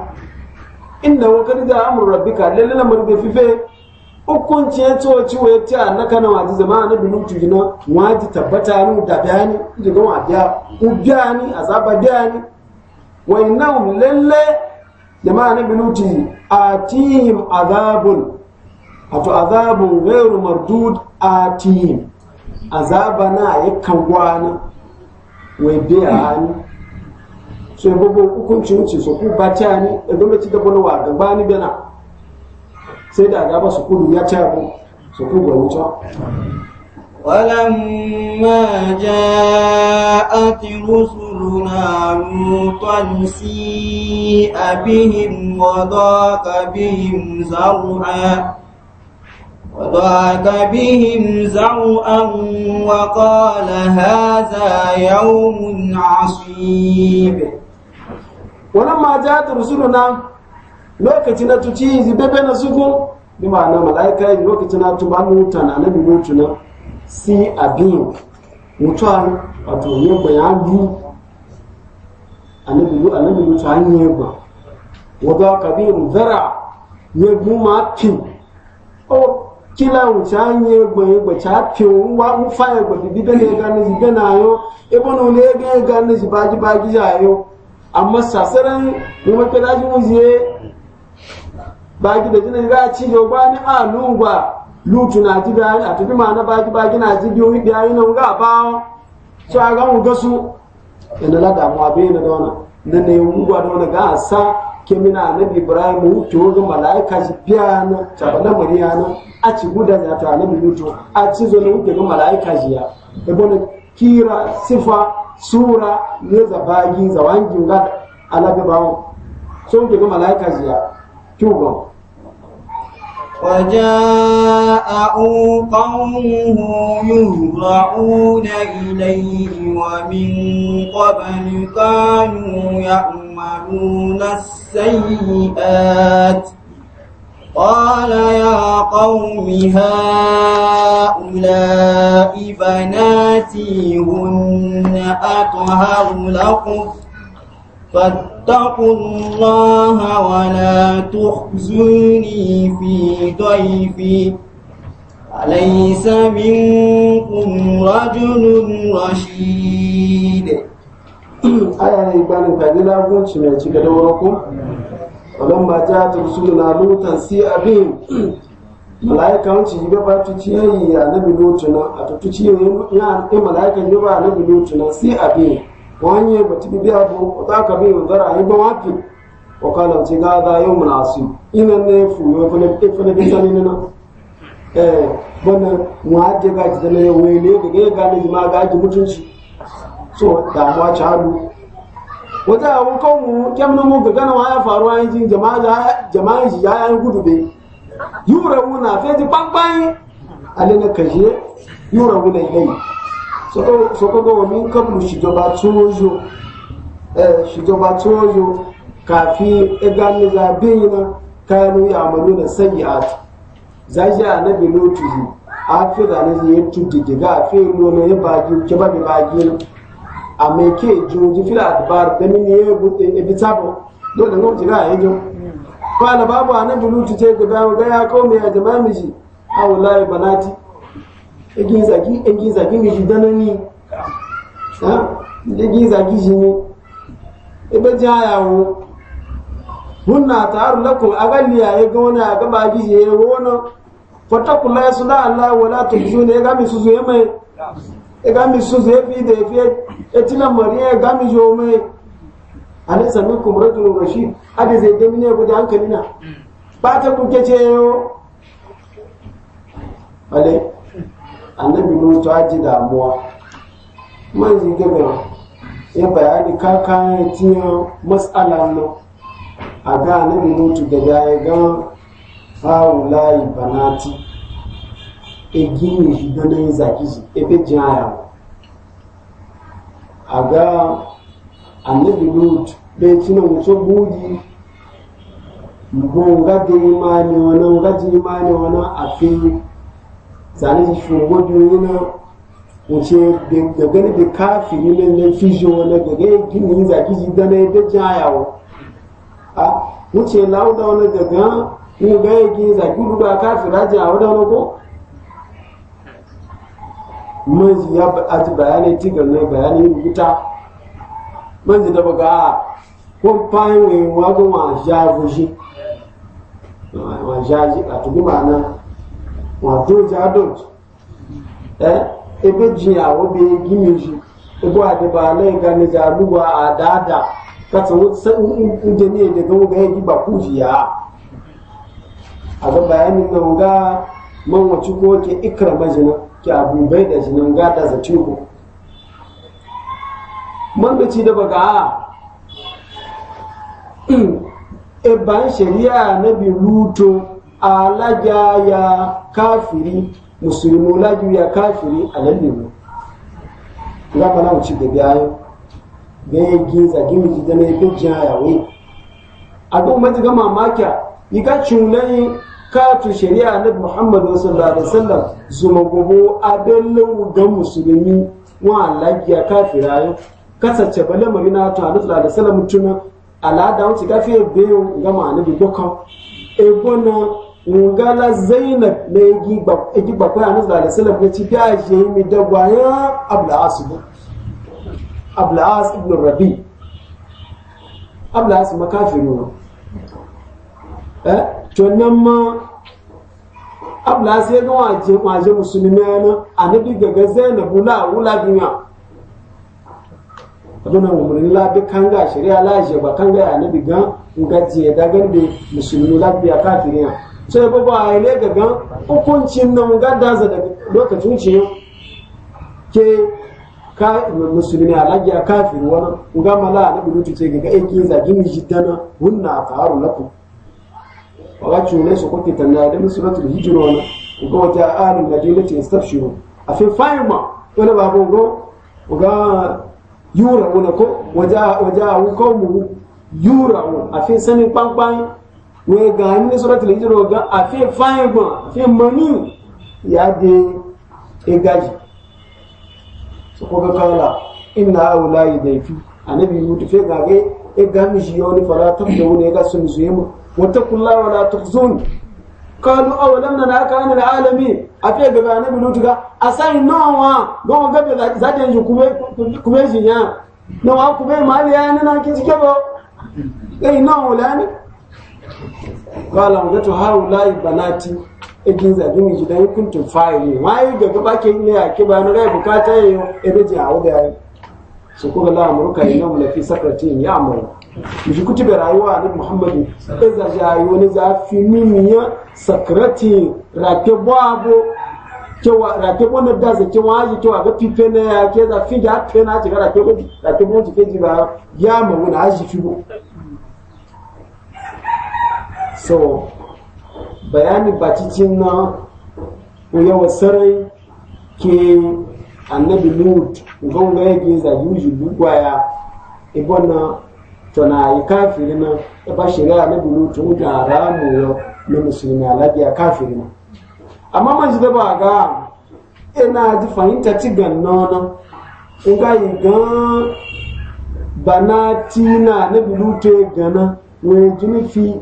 [SPEAKER 1] inda wa kadi da amur ka lalle na murbe fife hukunci ya ci wace wa ta na kana waji zama na binu tujina waji tabbata ni da bayani daga wa biya ku biya ni azaba biya ni wa innahum lalle jama'a na biluti atihim azabun azabin azabun ghairu mardud atihim na ya kangwana wai biya hannu so ya bugu hukunci wuce so ku ba ta ni da gwamnati da bulwa da bani bana sai da azaba su kudu ya ta ku so ku ga wuta
[SPEAKER 2] ولما جاءت رسلنا لوطا سيء بهم وضاق بهم زرعا وضاق بهم زرعا وقال هذا يوم عصيب
[SPEAKER 1] ولما جاءت رسلنا لوكتنا تتيزي ببنا سكو بمعنى ملائكة لوكتنا تبانو تنا نبي si abin mutuwar wato yegba ya lu anabilu anabilu mutu an yegba wadda kabiru zara yegbu ma fi o kila wuce an yegba yegba ta fi wa mu fa yegba bibi bene ya gane zi bene ayo ebo na ole ebe ya gane zi baji baji ya ayo amma sasaran yi mafi daji mu ziye baji da jina ga ci yo ni a lungwa lutu na ji bayani a tafi ma na baki baki na ji biyoyi bayani na ga ba so a ga mu ga su ina la mu bai na dona na ne mu ga dona ga sa ke mina nabi ibrahim mu to ga malaika ji biyana ta bana mariyana a ci guda za ta nabi lutu a ci zo ne ga malaika ji ya e bona kira sifa sura ne za bagi za wangi ga alabe bawo so ga malaika ji ya kyugo وجاءوا قومه يهرعون
[SPEAKER 2] إليه ومن قبل كانوا يعملون السيئات قال يا قوم هؤلاء بناتي هن أطهر لكم فاتقوا واتقوا الله ولا تخزوني في ضيفي أليس منكم
[SPEAKER 1] رجل رشيد aya ne banin kaji lagunci mai cika da wurin wannan ba ta ta rusulu na lutan si abin malaika wuce yi ba tu ciyayi ya nabi lutuna a tutu ciyayi ya malaika yi ba nabi lutuna si abin wani mutum biya bu ta ka bi udara yi ba wafi wa kala ce ga da yau mun asu ina ne fu yo fa ne fa ne bisa ni na eh bana mu haje ga ji da yau wai ne ga ga ni ma ga ji mutunci so da ma ci hadu wata abu kan mu kemna mu ga gana ya faruwa yin jin jama'a jama'a ji ya yi gudu be yura mu na fe ji bangban alina kashe yura mu na ilai sọ́kọ́gbọ́ wọn ní kọ́pùlù ṣìjọba tó yóò ṣìjọba tó yóò kàfí ẹgbà ní na ya amalu na sanyi ati zaji a anabi bi lotu yi a fi da yi tu didi ga a fi lo na yi bagi ke ba bi bagi na a mai ke joji fila ebi tabo dole na wuce ga a yi jo kwana babu anabi na bi lotu ce gaba ga ya kawo mai ya jama'a miji a wulaye egin zagi egin zagi mi jidana ni ha egin zagi jini ebe jaya wo hunna ta'aru lakum agalliya ya ga wani aga ba gije ya wona wani fatakula ya suna Allah wala tubzuna ya ga mi suzu ya mai ya ga mi suzu ya fi da ya fi ya tilan mari ya ga mi jo mai alisa minkum rajulun rashid adi zai ga mine gudu hankali na ba ta kuke ce yo ale annabi lutu aji damuwa man ji gaba ya bayani kaka ya tiyo matsala no a ga annabi lutu da ya ga haulayi banati e gini shi dana ya zaki shi ebe jaya a ga annabi lutu bai cina wuce bugi mbonga de imani wana ngaji imani wana afi zane shi shugo duniya wuce da gani da kafiri ne na fijo wani gaga gini zaki ji dana ya daja yawo a wuce lauda wani gaga in ga ya gini zaki ruba kafira ji a wadda wani ko manzi ya aji bayanai tigar ne bayanai rubuta manzi da baga a kun fayin wagon wa javuji wa jaji a tuguma na wàdóòjì àdóòjì ẹ ebe jì àwọn bíi egi méjì ebo àdìbò a ìganijà lúwa àdáadà kàtà wọ́n sẹ́ ń dé ní èdè gbọ́n gbẹ́ egi gbàkúùjì yá àgbà bàyẹ́ni náà ga mọ́wọ́n tí kò kí ìkàràmà jìnnà kí àbùbẹ́ ìdà jìnnà ń gá tí bẹ daba ga ẹ̀ bá alaja ya kafiri musulmi laju ya kafiri a ya mu ga bana wuce da gaba yayo ga ya giza gimi ji dana ya fi jayawe a duk maji ga mamakiya yi ka cunai katu shari'a na muhammadu sallallahu alaihi wasallam zuma gobo abin lau ga musulmi wa ya kafira yau kasance ba lamari na ta halittu da salamu tuna al'ada wuce gafi biyu yau gama anabi duka ebo na ngala zainab na igi bakwai a nasu da salam ya ci gaje mi da bayan ablas ablas ibn rabi ablas makafiru ne eh to nan ma ablas ya ga waje waje musulmi na na a bi gaga zainab la wula duniya aduna umarni labi kanga shari'a la je ba kanga ya bi ga gajiya da garbe musulmi labi ya kafiriya so ya babu a ne ga gan hukuncin nan gada za da lokacin ciyo ke ka musulmi alagi a kafin wani ga mala na bilutu ce ga aiki zagi mi jiddana hunna a faru lakum wa ga cune su kuke tanna da musulmatul hijira wani ga wata alin da madinati yastabshiru a fi fayma wani babu go ga yura wani ko waja waja mu yura wani a fi sanin kwankwani we ga ni suratul hijra ga afi fayin gbon afi mani ya de so ko ga kala inna aulai annabi fe ga ga e ga mi shi yoni fara ta da ga sun zuye mu wa kalu na naka anil alamin a ga ga annabi mutu ga asai nawa ga ga ga za ta yi kuma kuma jinya nawa kuma mali ya ni na cike ba kai nawa wala kala wanda to haru layi banati egin zabi mi gidan kuntum fa'ili wai ga gaba ke ne ya ke ba na rai bukata yo ebe ji a da yi su kuma la amurka ina mu lafi sakrati ya amuru mu ji kuti rayuwa ne muhammadu sai za ji ayo ne za fi mimi ya sakrati rake babo cewa rake bona da za ke ji to ga pipe na ya ke za fi ga pena ji ga rake bo rake bo ji ke ji ba ya mu na ji fi bo so bayani bacicin na yawa sarai ke annabi lut gonga yake zagi uji lugwaya ibonna tona yi kafiri na ya e ba shari'a annabi lut wuta haramu yau na musulmi alabiya kafiri na amma man shi ba ga ina e ji fahimta ci gannona in ga yi gan bana tina annabi lut ya gana wani jini fi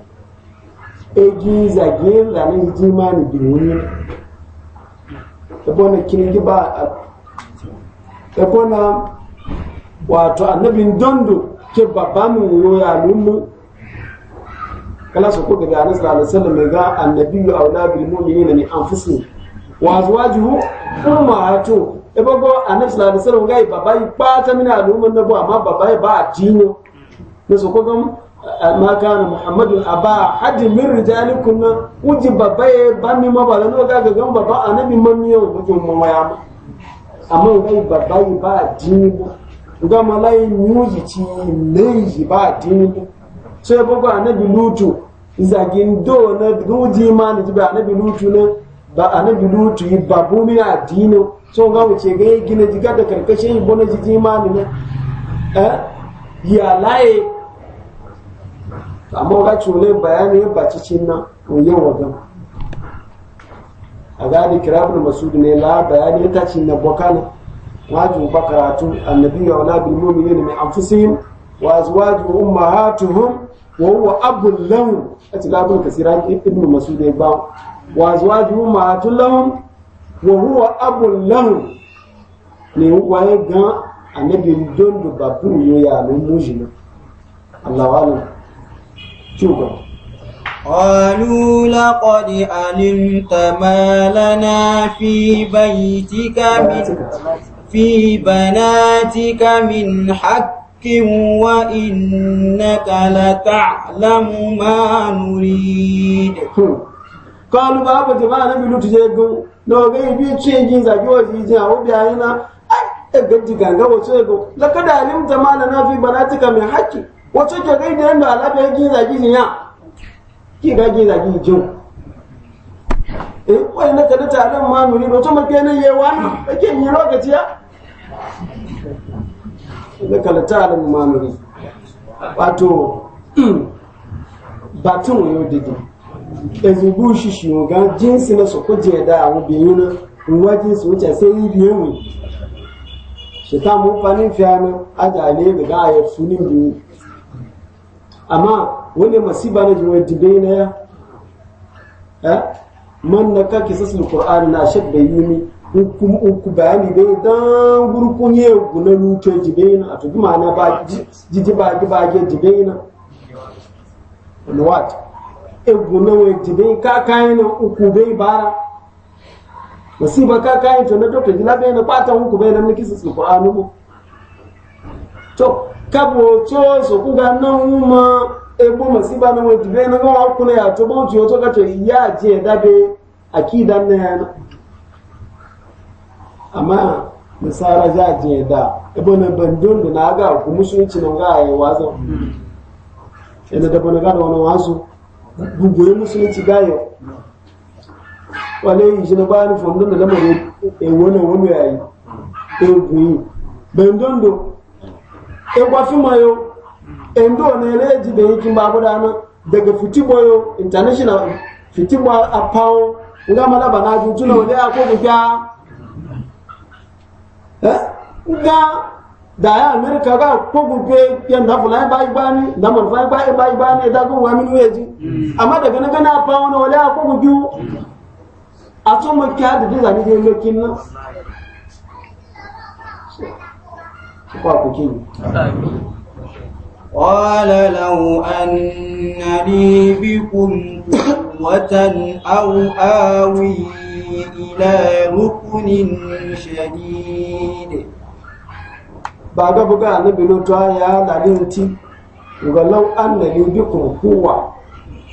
[SPEAKER 1] egi zage zanen ji mani bin wuni ebona kirgi ba ebona wato annabin dondo ke babban wuyo ya lumu kala su ko daga anas sallallahu alaihi wasallam ga annabi ya aula bil mu'minina min anfusihim wa azwajuhu ummahatu ebogo anas sallallahu alaihi wasallam ga babai pata min alumun nabo amma babai ba a jino ne su ko gam ma kana muhammadun aba hajji min rijalikum na uji babba ya ba mi ma ba lanu ga gagan babba annabi man miyo uji mun waya ma amma ngai babba yi ba dini ba ga malai nyuji ci leji ba dini ba so ya bugu annabi lutu izagin do na guji ma ni ba annabi lutu ne ba annabi lutu yi babu mi dini so ga wuce ga gina jiga da karkashin ibona jiji ma ni ne eh ya laye amma ga cule bayani ya baci cin nan yau wajen a gadi kirabul masud ne la bayani ta cin nan bokana waju bakaratu annabi ya wala bil mu'minin min anfusihim wa azwaju ummahatuhum wa huwa abul lahum atlabul kasira ibn masud ya ba wa azwaju ummahatuhum wa huwa abul lam ne waye ga annabi don da babu yo ya mun mujina Allahu قالوا لقد
[SPEAKER 2] علمت ما لنا في بيتك من في بناتك من حق وإنك
[SPEAKER 1] لتعلم ما نريد قالوا بابا جماعة نبي لوتي جيغو لو غي بي تشينجين زاجو زيجين أو بيعينا أي أجد جانغا وشيغو لقد علمت ما لنا في بناتك من حق wọ́n tó jẹ́ gẹ́gẹ́ ẹ̀nà alábẹ́ gíńdàgí nìyàn ya ìgbà gíńdàgí ìjẹun èyí wọ́n iná tẹ̀lẹ́tẹ̀ alẹ́ máa nù nínú tó mọ̀ pé ẹni yẹ wá nù ẹkẹ́ ìyìn lọ́gẹ̀ tí á ilé kẹlẹ̀tẹ̀ alẹ́ máa nù rí pàtó bàtún wọn yóò dìde ẹ̀sùn bú ṣìṣì ọ̀gá amma wani masiba na jiwa dibe na ya man na ka kisas qurani na shak bai yi ne, hukum uku bayani bai dan gurkun ye guna luto bai na to duma na ba jiji ba ji ba ge dibe na what e guna we bai ka kai na uku bai bara masiba ka kai to na to dilabe na pata uku bai na kisas qurani mu to kabo chozo kuga na uma ebo masiba na wetu be na wa kuna ya to bonji oto ka ya je dabe akida na yana amma nasara ja je da ebo na bandon da na ga ku musulunci na ga ayi wazo ina da bana ga da wani wazo gugu musulunci ga yau wale yi shi na bani fondon na lamarin ewo na wani ya ewu yi bandondo egwa fimayo endo na ele ji be yikin babu na daga yo, international fitibo Apawo pao nga mala bana ju na wale a ko buga eh nga da ya america ga ko ya na fula ba ibani na man fa ba igba ibani da ko wa min eji amma daga na gana Apawo na wale a ko buga a to mun ka da ni na قال
[SPEAKER 2] لو أن لي بكم قوة أو
[SPEAKER 1] آوي rukunin ركن Ba baga buga na bilotwa ya larinti ga lau an na yi dukkan kowa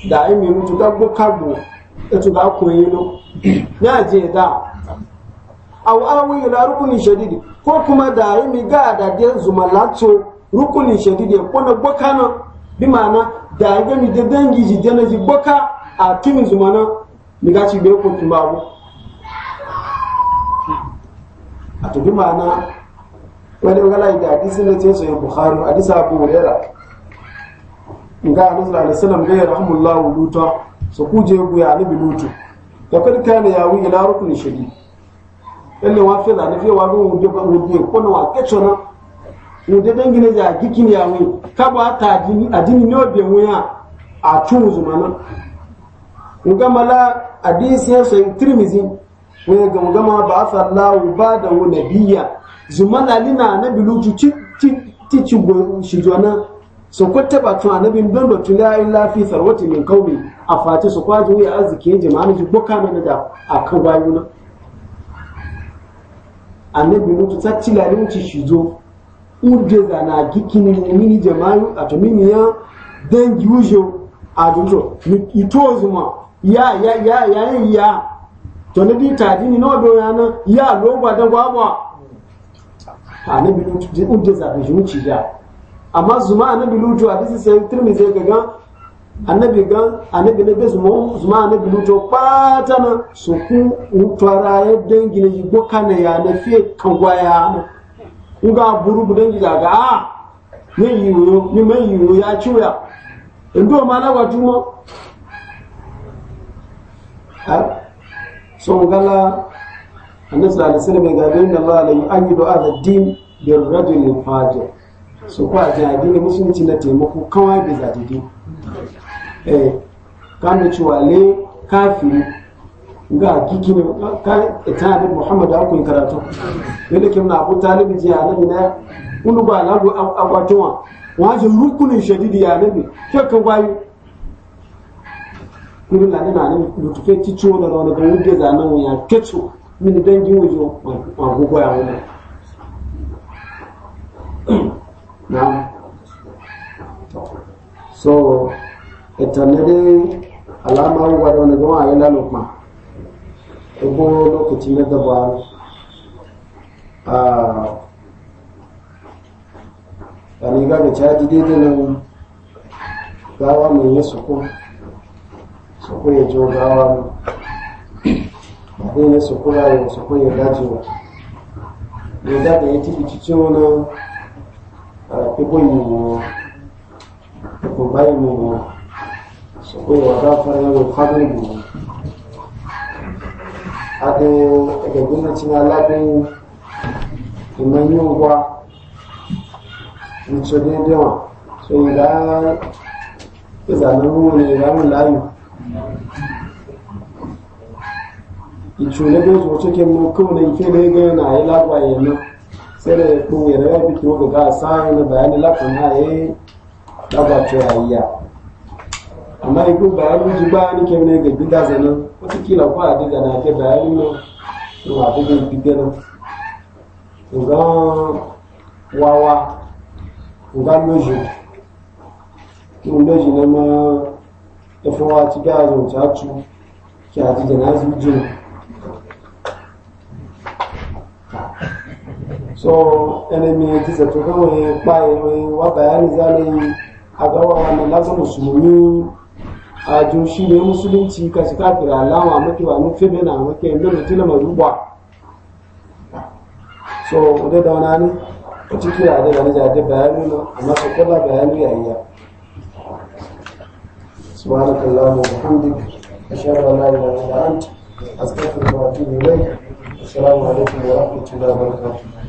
[SPEAKER 1] da ai mai mutu gabo-kago, bukagbo da e tu da yi no na je da aw awi ila rukunin shadidi ko kuma da yi mi ga da den zuma lato rukunin shadidi ko na boka na bi ma'ana da yi ga mi da dangi ji dana ji boka a tumi zuma na mi ga ci bai ko tun babu a to bi ma'ana wani wala da hadisin da ce sai bukhari hadisa abu hurairah ga annabi sallallahu alaihi wasallam ga rahmullahu luta su kuje guya ni bi lutu da kada kana yawi ila rukunin shadidi ele wa fela ne fe wa go mu de ba mu de ko no wa ke ketso na mu de dangi ne ja gikin ya wi ka ba ta ji adini ne obe mu ya a tun zuma na mu ga mala hadisi ya sai tirmizi mu ga mu ga ma ba fa Allahu ba da wa nabiyya zuma na lina na bilutu ci ci ci ci go shi jona so ko taba tun anabi don da tun la ilaha fi sarwati min qaumi a fati su kwaji ya arziki jama'an ji boka na da akan bayuna annabi mutu tsacila ne wuce shi zo uje na kikini mini jama'u a to mini ya dangi wuce a duto ito zuma ya ya ya ya ya to na dita dini na odo ya na ya logwa da gwagwa annabi mutu uje zabe shi wuce ya amma zuma annabi lutu a disi sai turmi zai gaga annabi gan annabi na bezu mo zuma annabi luto pata na so ku utwara ya dangi na yi goka na ya na fiye kangwa ya na uga buru bu dangi ga a ah, ne yi wo ni mai yi wo ya ciwa ndo ma na wa tumo ha so ngala annabi sallallahu alaihi wasallam ga ga inna allaha la yu'ayyidu din bir rajulin fajir so kwa a musu musulunci na taimako kawai bai zadidi eh kana cewa le kafiri ga kiki ne ka ita muhammadu aku karatu yadda kim na abu talibi ji annabi na kulu ba lagu akwatuwa waje rukunin shadidi ya nabi kyakka gwayo kuru la ne nuna ne lutufe ti ciwo da rawa daga wuge zanen wuya kecu min dangin wujo a ya wuna na so tanne dai alama wa da wani gama yana lokma ko lokaci na daba a tani ga ga caji daidai nan gawa mai yi suku suku ya jo gawa ba yi suku yi suku ya dajewa ne da ga ya tibi cikin wani a fi yi ne ko bayi ne هو غفر له خدمه ade daga gwamnatin alabin iman yin ruwa mace daidaiwa so da ya zanen ruwa ne ramin layu ìtùlẹ̀ bí ó tókè mú kúrò ìkéde gẹ́gẹ́ sai ayé lágbàáyé náà sẹ́lẹ̀ ìpò ìrẹ́wẹ́ bí kí wọ́n gbẹ̀gá sáárín lọ́bàá ní lápò náà ayé yi ya. amma iku bayani ji ba ni ke ne ga bida zana wata kila ko a daga na ke bayani no to a daga bida no to ga wawa to ga lojo to lojo na ma ta fawa ci ga zo ta tu ki a ji janazu ji so enemy ti se to ga wo pa e wa bayani zale agawa na lazo musulmi a shi ne musulunci ka shi kafira alama maki wa nufi mai na maki yanzu da tilo mai rubuwa so wadda da wani ne a ciki a da wani jaje bayani na amma su kaba bayani a iya سبحانك اللهم وبحمدك أشهد أن لا إله إلا أنت أستغفرك وأتوب إليك السلام عليكم ورحمة الله وبركاته